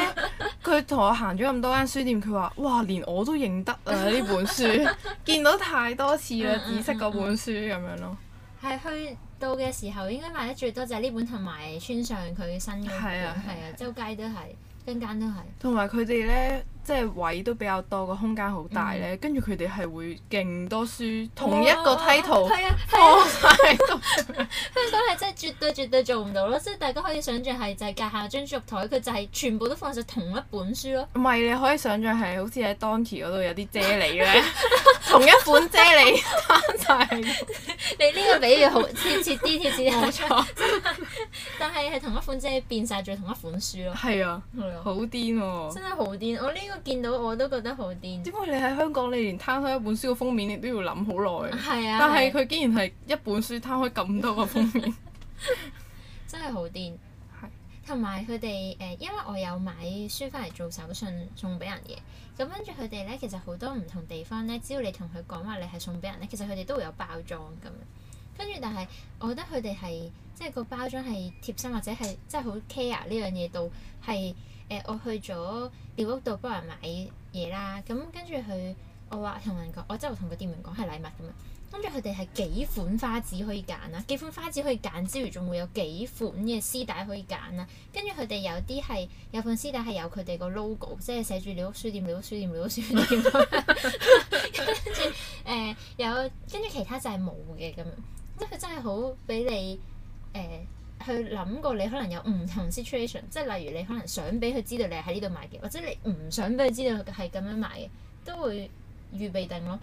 佢同我行咗咁多間書店，佢話：哇，連我都認得啊！呢 本書見到太多次啦， 紫色嗰本書咁樣咯。 係去到嘅時候，應該買得最多就係呢本同埋村上佢新嘅，係啊，周街、啊、都係，間間都係。同埋佢哋咧。即係位都比較多，個空間好大咧。跟住佢哋係會勁多書，同一個 title 放晒喺度。香港係真係絕對絕對做唔到咯。即係大家可以想象，係就係隔下張豬肉枱，佢就係全部都放晒同一本書咯。唔係你可以想像係好似喺 Donki 嗰度有啲啫喱咧，同一款啫喱，就係你呢個比喻好貼切啲貼切啲。冇錯，但係係同一款啫喱，變晒咗同一款書咯。係啊，係啊，好癲喎！真係好癲，我呢個。見到我都覺得好癲。只不過你喺香港你連攤開一本書嘅封、啊、封面，你都要諗好耐。但係佢竟然係一本書攤開咁多個封面。真係好癲。同埋佢哋誒，因為我有買書翻嚟做手信送俾人嘅，咁跟住佢哋咧，其實好多唔同地方咧，只要你同佢講話你係送俾人咧，其實佢哋都會有包裝咁。跟住，但係我覺得佢哋係即係個包裝係貼心或者係即係好 care 呢樣嘢到，係。誒、呃、我去咗蔦屋度幫人買嘢啦，咁跟住佢，我話同人講，我即係同個店員講係禮物咁樣。跟住佢哋係幾款花紙可以揀啊？幾款花紙可以揀之餘，仲會有幾款嘅絲帶可以揀啊？跟住佢哋有啲係有款絲帶係有佢哋個 logo，即係寫住蔦屋書店、蔦屋書店、蔦屋書店。跟住誒、呃、有，跟住其他就係冇嘅咁樣。即係佢真係好俾你誒。呃去諗過你可能有唔同 situation，即係例如你可能想俾佢知道你係喺呢度買嘅，或者你唔想俾佢知道係咁樣買嘅，都會預備定咯。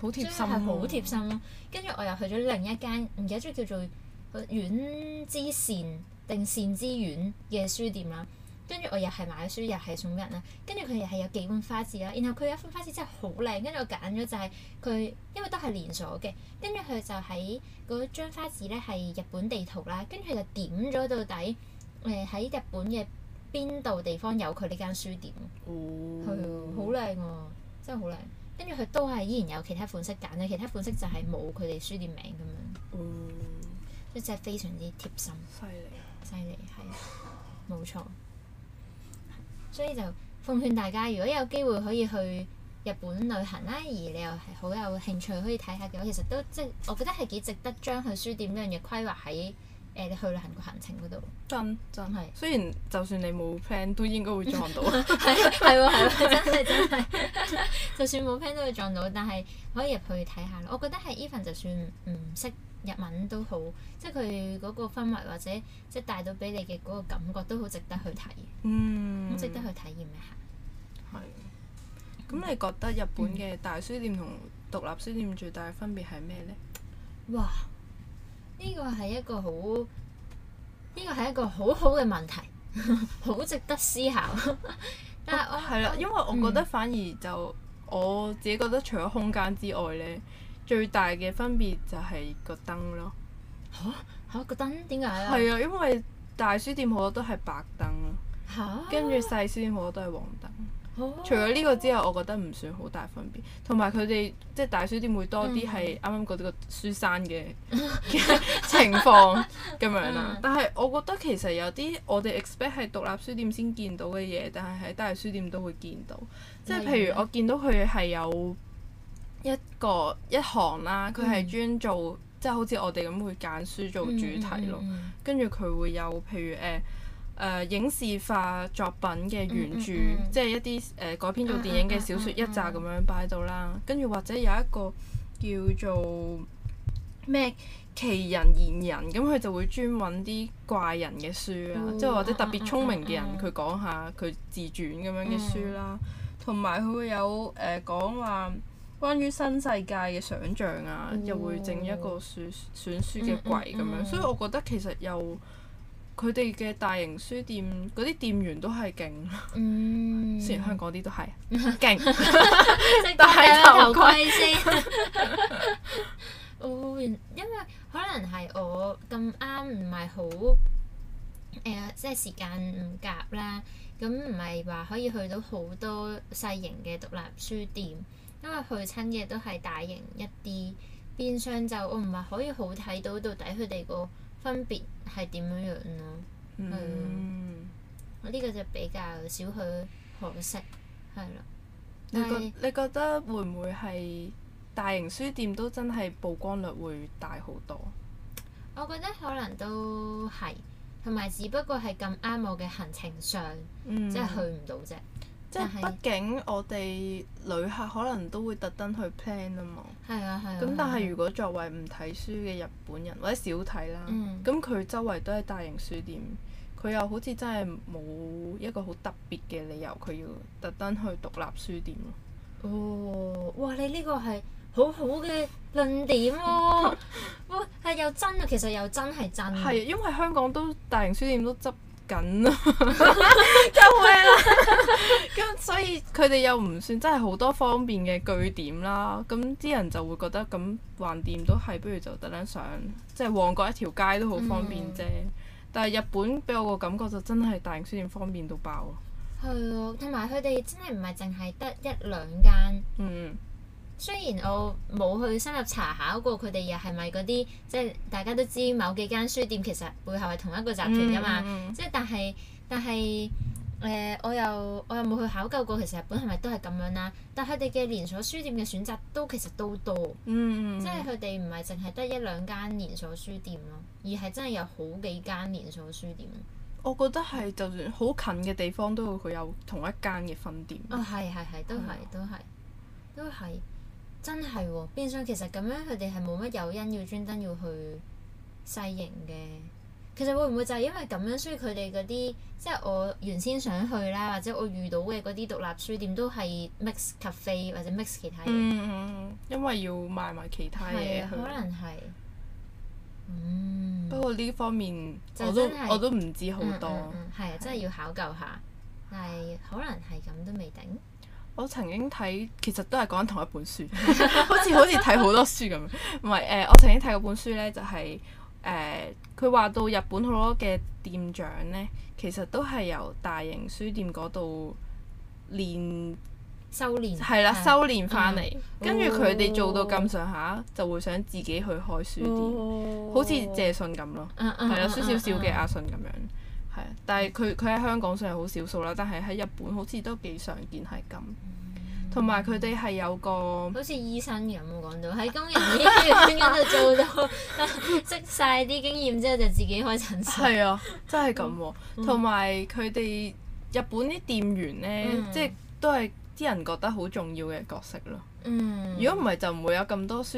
好貼心啊。係好貼心咯。跟住我又去咗另一間，唔記得咗叫做遠之善定善之遠嘅書店啦。跟住我又係買書，又係送俾人啦。跟住佢又係有幾本花紙啦。然後佢有一款花紙真係好靚，跟住我揀咗就係佢，因為都係連鎖嘅。跟住佢就喺嗰張花紙咧，係日本地圖啦。跟住佢就點咗到底誒喺、呃、日本嘅邊度地方有佢呢間書店咯。係喎，好靚喎，真係好靚。跟住佢都係依然有其他款式揀啦，其他款式就係冇佢哋書店名咁樣。嗯。即係非常之貼心。犀利。犀利係，冇錯。所以就奉勸大家，如果有機會可以去日本旅行啦，而你又係好有興趣可以睇下嘅話，我其實都即我覺得係幾值得將去書店呢樣嘢規劃喺誒你去旅行個行程嗰度。真真係，是雖然就算你冇 plan 都應該會撞到。係係喎係喎，真係真係， 就算冇 plan 都會撞到，但係可以入去睇下咯。我覺得係 even 就算唔識。 日文都好，即係佢嗰個氛圍或者即係帶到俾你嘅嗰個感覺都好值得去睇，好、嗯、值得去體驗一下。係。咁你覺得日本嘅大書店同獨立書店最大分別係咩呢、嗯？哇！呢個係一個好，呢個係一個好好嘅問題，好值得思考。呵呵，但係我係啦，啊、我因為我覺得反而就、嗯、我自己覺得，除咗空間之外呢。最大嘅分別就係個燈咯。嚇嚇，個燈點解啊？係啊，因為大書店好多都係白燈，嚇，跟住細書店好多都係黃燈。蛤除咗呢個之外，我覺得唔算好大分別。同埋佢哋即係大書店會多啲係啱啱嗰啲個書山嘅嘅、嗯、 情況咁 樣啦。但係我覺得其實有啲我哋 expect 係獨立書店先見到嘅嘢，但係喺大書店都會見到。即係譬如我見到佢係有。一個一行啦，佢係專做、嗯、即係好似我哋咁會揀書做主題咯。跟住佢會有譬如誒誒、呃呃、影視化作品嘅原著，嗯嗯嗯即係一啲誒、呃、改編做電影嘅小說 一集咁樣擺到啦。跟住、嗯嗯嗯嗯、或者有一個叫做咩奇人言人咁，佢就會專揾啲怪人嘅書啦，哦、即係或者特別聰明嘅人，佢講下佢自傳咁樣嘅書啦。同埋佢會有誒講話。說說說說關於新世界嘅想像啊，嗯嗯嗯又會整一個選選書嘅櫃咁樣，所以我覺得其實又佢哋嘅大型書店嗰啲店員都係勁，嗯嗯嗯雖然香港啲都係勁，戴、嗯嗯嗯、 頭盔 先。哦，因為可能係我咁啱唔係好誒、呃，即係時間唔夾啦，咁唔係話可以去到好多細型嘅獨立書店。因為去親嘅都係大型一啲，變相就我唔係可以好睇到到底佢哋個分別係點樣樣咯。嗯，我呢、嗯這個就比較少去，可惜，係咯。你覺是你覺得會唔會係大型書店都真係曝光率會大好多？我覺得可能都係，同埋只不過係咁啱我嘅行程上，即係、嗯、去唔到啫。即畢竟我哋旅客可能都會特登去 plan 啊嘛，咁、啊啊、但係如果作為唔睇書嘅日本人或者少睇啦，咁佢、嗯、周圍都係大型書店，佢又好似真係冇一個好特別嘅理由，佢要特登去獨立書店咯。哦，哇！你呢個係好好嘅論點喎，哦， 哇！係又真啊，其實又真係真。係因為香港都大型書店都執緊咯，救命啦！咁 所以佢哋又唔算真係好多方便嘅據點啦。咁啲人就會覺得咁橫掂都係，不如就特登上，即係旺角一條街都好方便啫。嗯、但係日本俾我個感覺就真係大型書店方便到爆啊！係啊、嗯，同埋佢哋真係唔係淨係得一兩間。嗯。雖然我冇去深入查考過是是，佢哋又係咪嗰啲即係大家都知某幾間書店其實背後係同一個集團㗎嘛，嗯、即係但係但係誒、呃，我又我又冇去考究過，其實日本係咪都係咁樣啦、啊？但係佢哋嘅連鎖書店嘅選擇都其實都多，嗯、即係佢哋唔係淨係得一兩間連鎖書店咯，而係真係有好幾間連鎖書店。書店我覺得係，就算好近嘅地方都會佢有同一間嘅分店。啊、哦，係係係，都係都係都係。真係喎、哦，變相其實咁樣佢哋係冇乜誘因要專登要去西營嘅。其實會唔會就係因為咁樣，所以佢哋嗰啲即係我原先想去啦，或者我遇到嘅嗰啲獨立書店都係 mix cafe 或者 mix 其他嘢、嗯嗯。因為要賣埋其他嘢、啊。可能係。嗯、不過呢方面，我都我都唔知好多。係、嗯嗯嗯嗯、啊，啊真係要考究下，但係可能係咁都未定。我曾經睇，其實都係講緊同一本書，好似好似睇好多書咁。唔係，誒、呃，我曾經睇過本書咧，就係、是、誒，佢、呃、話到日本好多嘅店長咧，其實都係由大型書店嗰度練修煉，係啦，修煉翻嚟，跟住佢哋做到咁上下，嗯、就會想自己去開書店，嗯、好似謝信咁咯，係有少少少嘅阿信咁樣。係，但係佢佢喺香港算係好少數啦。但係喺日本好似都幾常見係，咁，同埋佢哋係有個好似醫生咁講到，喺工人醫院嗰度做到積晒啲經驗之後就自己開診所。係啊，真係咁喎。同埋佢哋日本啲店員咧，即係、嗯、都係啲人覺得好重要嘅角色咯。如果唔係就唔會有咁多書，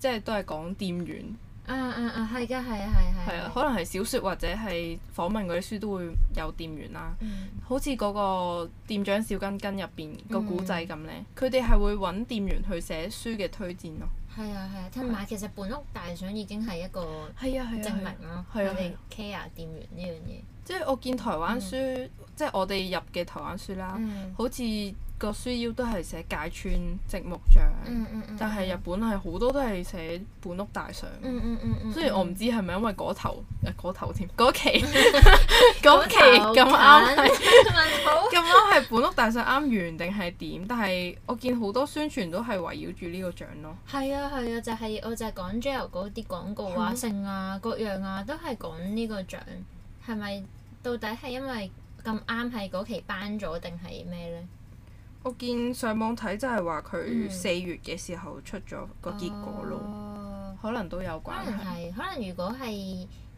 即係都係講店員。啊啊啊，係嘅、uh, uh, uh,，係啊，係啊，係啊，可能係小説或者係訪問嗰啲書都會有店員啦。 好似嗰個店長小根根入邊個古仔咁咧，佢哋係會揾店員去寫書嘅推薦咯。係啊係啊，同埋其實本屋大賞已經係一個係啊係啊證明啦，我哋 care 店員呢樣嘢。即係我見台灣書，即係、嗯、我哋入嘅台灣書啦，嗯、好似。個書腰都係寫芥川直木獎，但係日本係好多都係寫本屋大賞。雖然我唔知係咪因為嗰頭，嗰頭添，嗰期嗰期咁啱，咁啱係本屋大賞啱完定係點？但係我見好多宣傳都係圍繞住呢個獎咯。係啊係啊，就係我就係講 Jewel 嗰啲廣告啊、性啊、各樣啊，都係講呢個獎。係咪到底係因為咁啱係嗰期頒咗定係咩咧？我見上網睇就係話佢四月嘅時候出咗個結果咯，嗯啊、可能都有關。可能係，可能如果係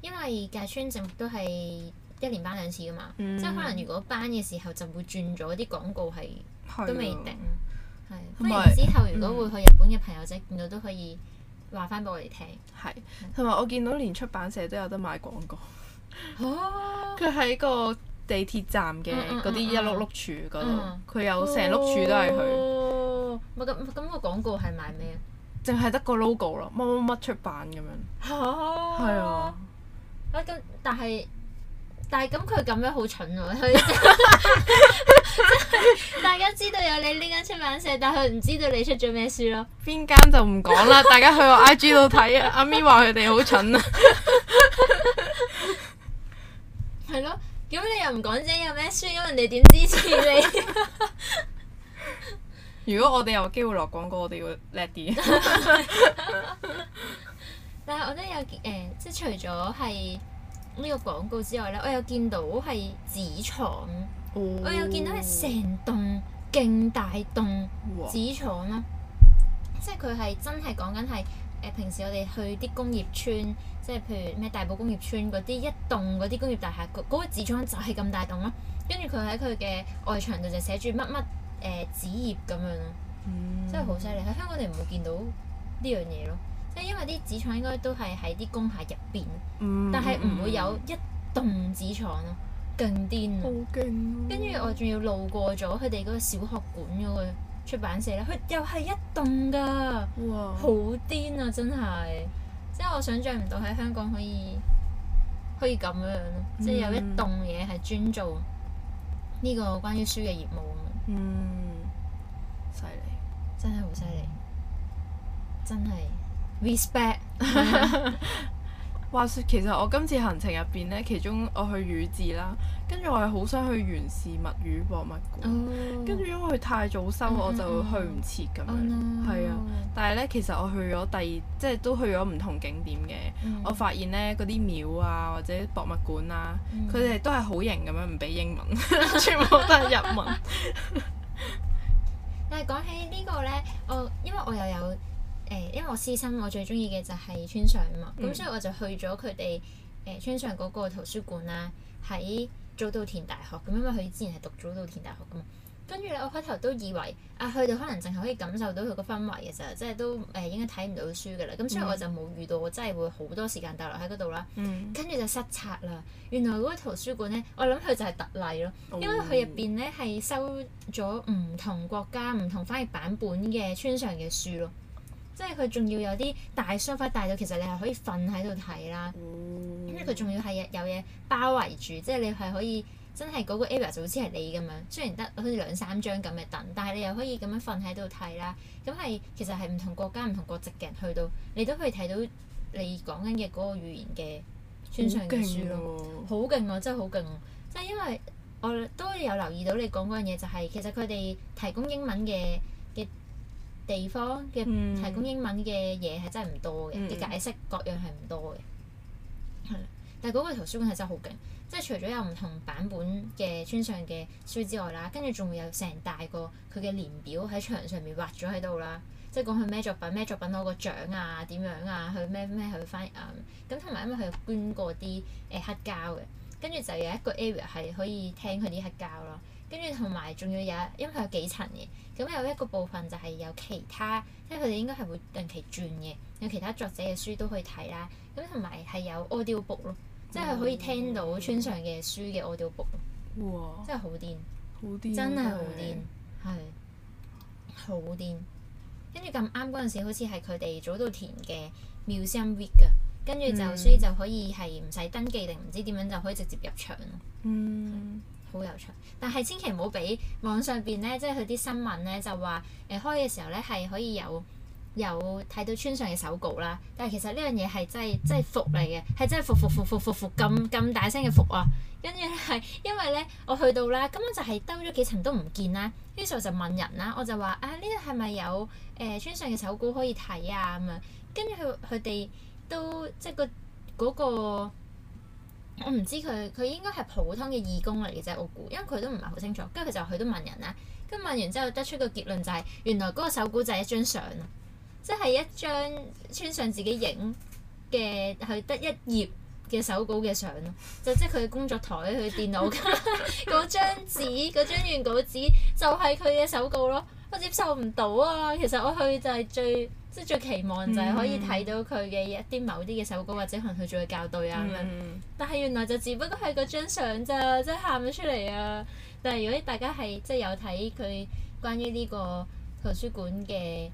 因為芥川賞都係一年頒兩次噶嘛，嗯、即係可能如果頒嘅時候就會轉咗啲廣告係都未定。係。之後如果會去日本嘅朋友仔、嗯，原來都可以話翻俾我哋聽。係。同埋我見到連出版社都有得賣廣告。佢喺哈個。地鐵站嘅嗰啲一碌碌柱嗰度，佢、嗯嗯、有成碌柱都係佢。哦，咁咁個廣告係賣咩？淨係得個 logo 咯，乜乜乜出版咁樣。嚇！係啊。啊咁，但係但係咁佢咁樣好蠢啊。佢真係大家知道有你呢間出版社，但佢唔知道你出咗咩書咯。邊間就唔講啦，大家去我 IG 度睇 啊！阿咪話佢哋好蠢啊，係咯。咁你又唔講自己有咩書？咁人哋點支持你？ 如果我哋有機會落廣告，我哋要叻啲。 但係我都有誒、呃，即係除咗係呢個廣告之外咧，我有見到係紙廠，oh. 我有見到係成棟勁大棟紙廠啦，oh. 哇即係佢係真係講緊係。誒平時我哋去啲工業村，即係譬如咩大埔工業村嗰啲一棟嗰啲工業大廈，嗰、嗰、嗰個紙廠就係咁大棟咯、啊。跟住佢喺佢嘅外牆度就寫住乜乜誒紙業咁樣咯，嗯、真係好犀利。喺香港你唔會見到呢樣嘢咯，即係因為啲紙廠應該都係喺啲工廈入邊，嗯、但係唔會有一棟紙廠咯、啊，勁癲！好勁、啊！跟住我仲要路過咗佢哋嗰個小學館嗰個。出版社咧，佢又係一棟㗎，好癲哇啊！真係，即係我想像唔到喺香港可以可以咁樣咯，即係有一棟嘢係專做呢個關於書嘅業務啊！嗯，犀利，真係好犀利，真係 respect。 話説其實我今次行程入邊咧，其中我去宇治啦，跟住我係好想去源氏物語博物館，跟住、oh. 因為佢太早收，mm hmm. 我就去唔切咁樣。係啊、oh, no.，但係咧，其實我去咗第二，即係都去咗唔同景點嘅。Mm hmm. 我發現咧，嗰啲廟啊或者博物館啊，佢哋、mm hmm. 都係好型咁樣，唔俾英文， 全部都係日文。 但誒，講起個呢個咧，我因為我又有。誒，因為我私心我最中意嘅就係村上啊嘛，咁、嗯、所以我就去咗佢哋誒村上嗰個圖書館啦、啊，喺早稻田大學咁，因為佢之前係讀早稻田大學噶嘛，跟住咧我開頭都以為啊去到可能淨係可以感受到佢個氛圍嘅咋，即係都誒、呃、應該睇唔到書噶啦，咁所以我就冇遇到，嗯、我真係會好多時間逗留喺嗰度啦。跟住、嗯、就失策啦，原來嗰個圖書館咧，我諗佢就係特例咯，因為佢入邊咧係收咗唔同國家唔同翻譯版本嘅村上嘅書咯。即係佢仲要有啲大梳化大到其實你係可以瞓喺度睇啦，跟住佢仲要係有嘢包圍住，即係你係可以真係嗰個 area 就好似係你咁樣，雖然得好似兩三張咁嘅凳，但係你又可以咁樣瞓喺度睇啦。咁係其實係唔同國家唔同國籍嘅人去到，你都可以睇到你講緊嘅嗰個語言嘅村上嘅書咯，好勁喎！真係好勁喎，即係因為我都有留意到你講嗰樣嘢，就係其實佢哋提供英文嘅。地方嘅提供英文嘅嘢係真係唔多嘅，啲、嗯、解釋各樣係唔多嘅。係啦、嗯， 但係嗰個圖書館係真係好勁，即係除咗有唔同版本嘅村上嘅書之外啦，跟住仲會有成大個佢嘅年表喺牆上面畫咗喺度啦，即係講佢咩作品咩作品攞個獎啊點樣啊，佢咩咩佢翻啊咁，同、嗯、埋因為佢有捐過啲誒、呃、黑膠嘅，跟住就有一個 area 係可以聽佢啲黑膠咯。跟住同埋仲要有，因為佢有幾層嘅，咁有一個部分就係有其他，即係佢哋應該係會定期轉嘅，有其他作者嘅書都可以睇啦。咁同埋係有 audio book 咯，即係可以聽到村上嘅書嘅 audio book 咯。哇！真係好癲，真係好癲，係好癲。跟住咁啱嗰陣時，好似係佢哋早稻田嘅 Museum Week 噶，跟住就所以就可以係唔使登記定唔知點樣就可以直接入場咯。嗯。好有趣，但係千祈唔好俾網上邊咧，即係佢啲新聞咧就話誒、呃、開嘅時候咧係可以有有睇到村上嘅手稿啦，但係其實呢樣嘢係真係真係服嚟嘅，係真係服服服服服服咁咁大聲嘅服啊！跟住咧係因為咧我去到啦，根本就係兜咗幾層都唔見啦。於是我就問人啦，我就話啊，呢度係咪有誒、呃、村上嘅手稿可以睇啊咁樣？跟住佢佢哋都即係個嗰個，嗰個我唔知佢佢應該係普通嘅義工嚟嘅啫，我估，因為佢都唔係好清楚。跟住佢就去到問人啦，跟住問完之後得出個結論就係原來嗰個手稿就係一張相咯，即係一張村上自己影嘅，去得一頁嘅手稿嘅相咯，就即係佢嘅工作台佢電腦嗰 張紙嗰張原稿紙就係佢嘅手稿咯，我接受唔到啊！其實我去就係最。即係最期望就係可以睇到佢嘅一啲某啲嘅手稿，或者可能佢做嘅校對啊咁樣、mm。Hmm. 但係原來就只不過係嗰張相咋，即係喊咗出嚟啊！但係如果大家係即係有睇佢關於呢個圖書館嘅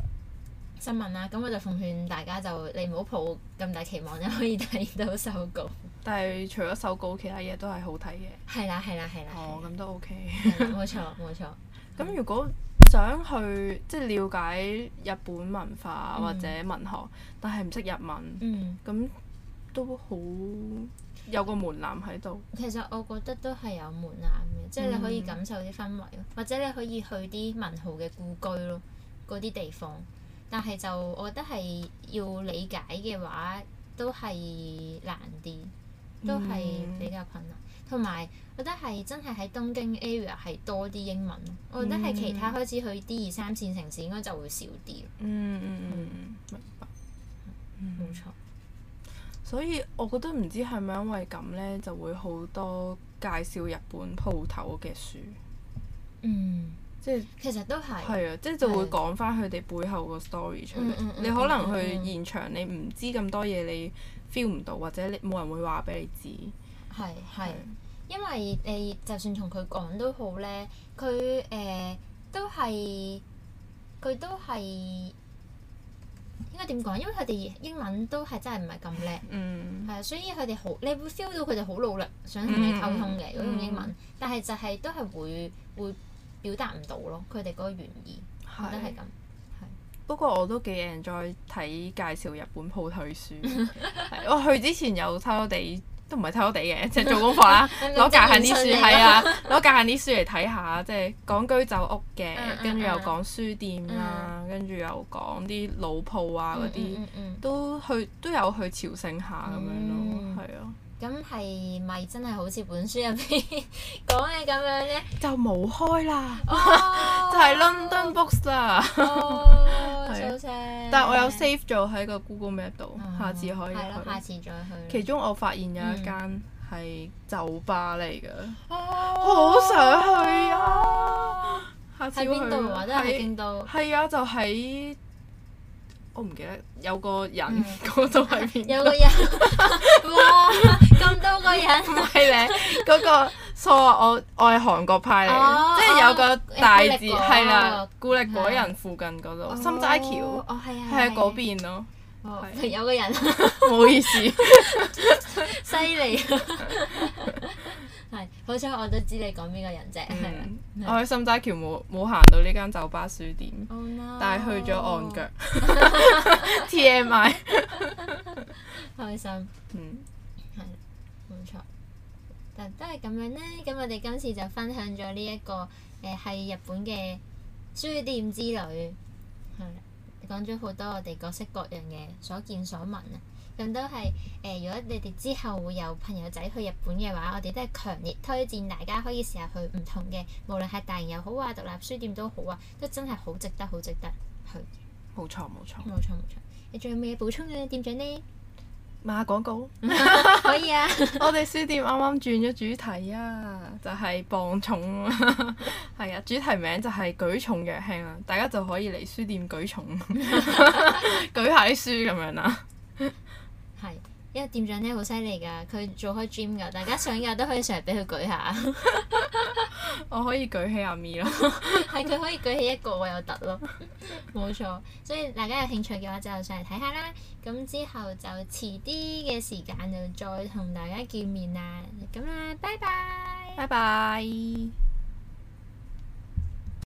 新聞啦、啊，咁我就奉勸大家就你唔好抱咁大期望，就可以睇到手稿。但係除咗手稿，其他嘢都係好睇嘅。係啦，係啦，係啦。哦，咁都 OK。冇 錯，冇錯。咁如果想去即係了解日本文化或者文學，嗯、但係唔識日文，咁、嗯、都好有個門檻喺度。其實我覺得都係有門檻嘅，嗯、即係你可以感受啲氛圍，或者你可以去啲文豪嘅故居咯，嗰啲地方。但係就我覺得係要理解嘅話，都係難啲。都係比較困難，同埋我覺得係真係喺東京 area 係多啲英文，我覺得係、嗯、其他開始去啲二三線城市應該就會少啲，嗯嗯嗯，嗯嗯嗯，明白。冇錯。所以，我覺得唔知係咪因為咁呢就會好多介紹日本鋪頭嘅書。嗯。即其實都係係啊，即就會講翻佢哋背後個 story 出嚟。你可能去現場，你唔知咁多嘢，你 feel 唔到，或者你冇人會話俾你知。係係，因為你就算同佢講都好咧，佢誒、呃、都係佢都係應該點講？因為佢哋英文都係真係唔係咁叻，嗯，係啊，所以佢哋好你會 feel 到佢哋好努力想同你溝通嘅嗰種英文，嗯、但係就係、係、都係會會。會表達唔到咯，佢哋嗰個原意都係咁。係的不過我都幾 enjoy 睇介紹日本鋪推書。 我去之前有偷偷地，都唔係偷偷地嘅，即、就、係、是、做功課啦，攞夾硬啲書，係 啊，攞夾硬啲書嚟睇下，即係講居酒屋嘅，跟住、uh, uh, uh, uh. 又講書店啦、啊，跟住、mm. 又講啲老鋪啊嗰啲，mm, mm, mm, mm. 都去都有去朝聖下咁樣咯，係啊。咁係咪真係好似本書入邊講嘅咁樣咧？就冇開啦，就係 London Books 啦。但係我有 save 咗喺個 Google Map 度，下次可以去。下次再去。其中我發現有一間係酒吧嚟㗎。好想去啊！下次去邊度？或者係京都？係啊，就喺。我唔記得有個人嗰度係邊。有個人，哇！咁多個人。唔係咧，嗰個錯我我係韓國派嚟嘅，即係有個大字係啦，固力果人附近嗰度，心齋橋係嗰邊咯。有個人，唔好意思，犀利。係，好彩我都知你講邊個人啫。嗯、吧我喺心齋橋冇冇行到呢間酒吧書店，oh, no. 但係去咗按腳。 T.M.I. 開心。嗯。係。冇錯。但都係咁樣呢。咁我哋今次就分享咗呢一個誒係、呃、日本嘅書店之旅。係。講咗好多我哋各式各樣嘅所見所聞啊！咁都係誒、呃，如果你哋之後會有朋友仔去日本嘅話，我哋都係強烈推薦大家可以試下去唔同嘅，無論係大型又好啊，獨立書店都好啊，都真係好值得，好值得去。冇錯，冇錯。冇錯，冇錯。你仲有咩補充嘅店長呢？賣下廣告 可以啊！ 我哋書店啱啱轉咗主題啊，就係、是、磅重 啊，係啊，主題名就係舉重若輕啊，大家就可以嚟書店舉重， 舉下啲書咁樣啦、啊。 因為店長呢好犀利㗎，佢做開 gym 㗎，大家想㗎都可以上嚟俾佢舉下。 我可以舉起阿咪咯。係 佢 可以舉起一個，我又得咯。冇 錯，所以大家有興趣嘅話就上嚟睇下啦。咁之後就遲啲嘅時間就再同大家見面啦。咁啦、啊，拜拜。拜拜。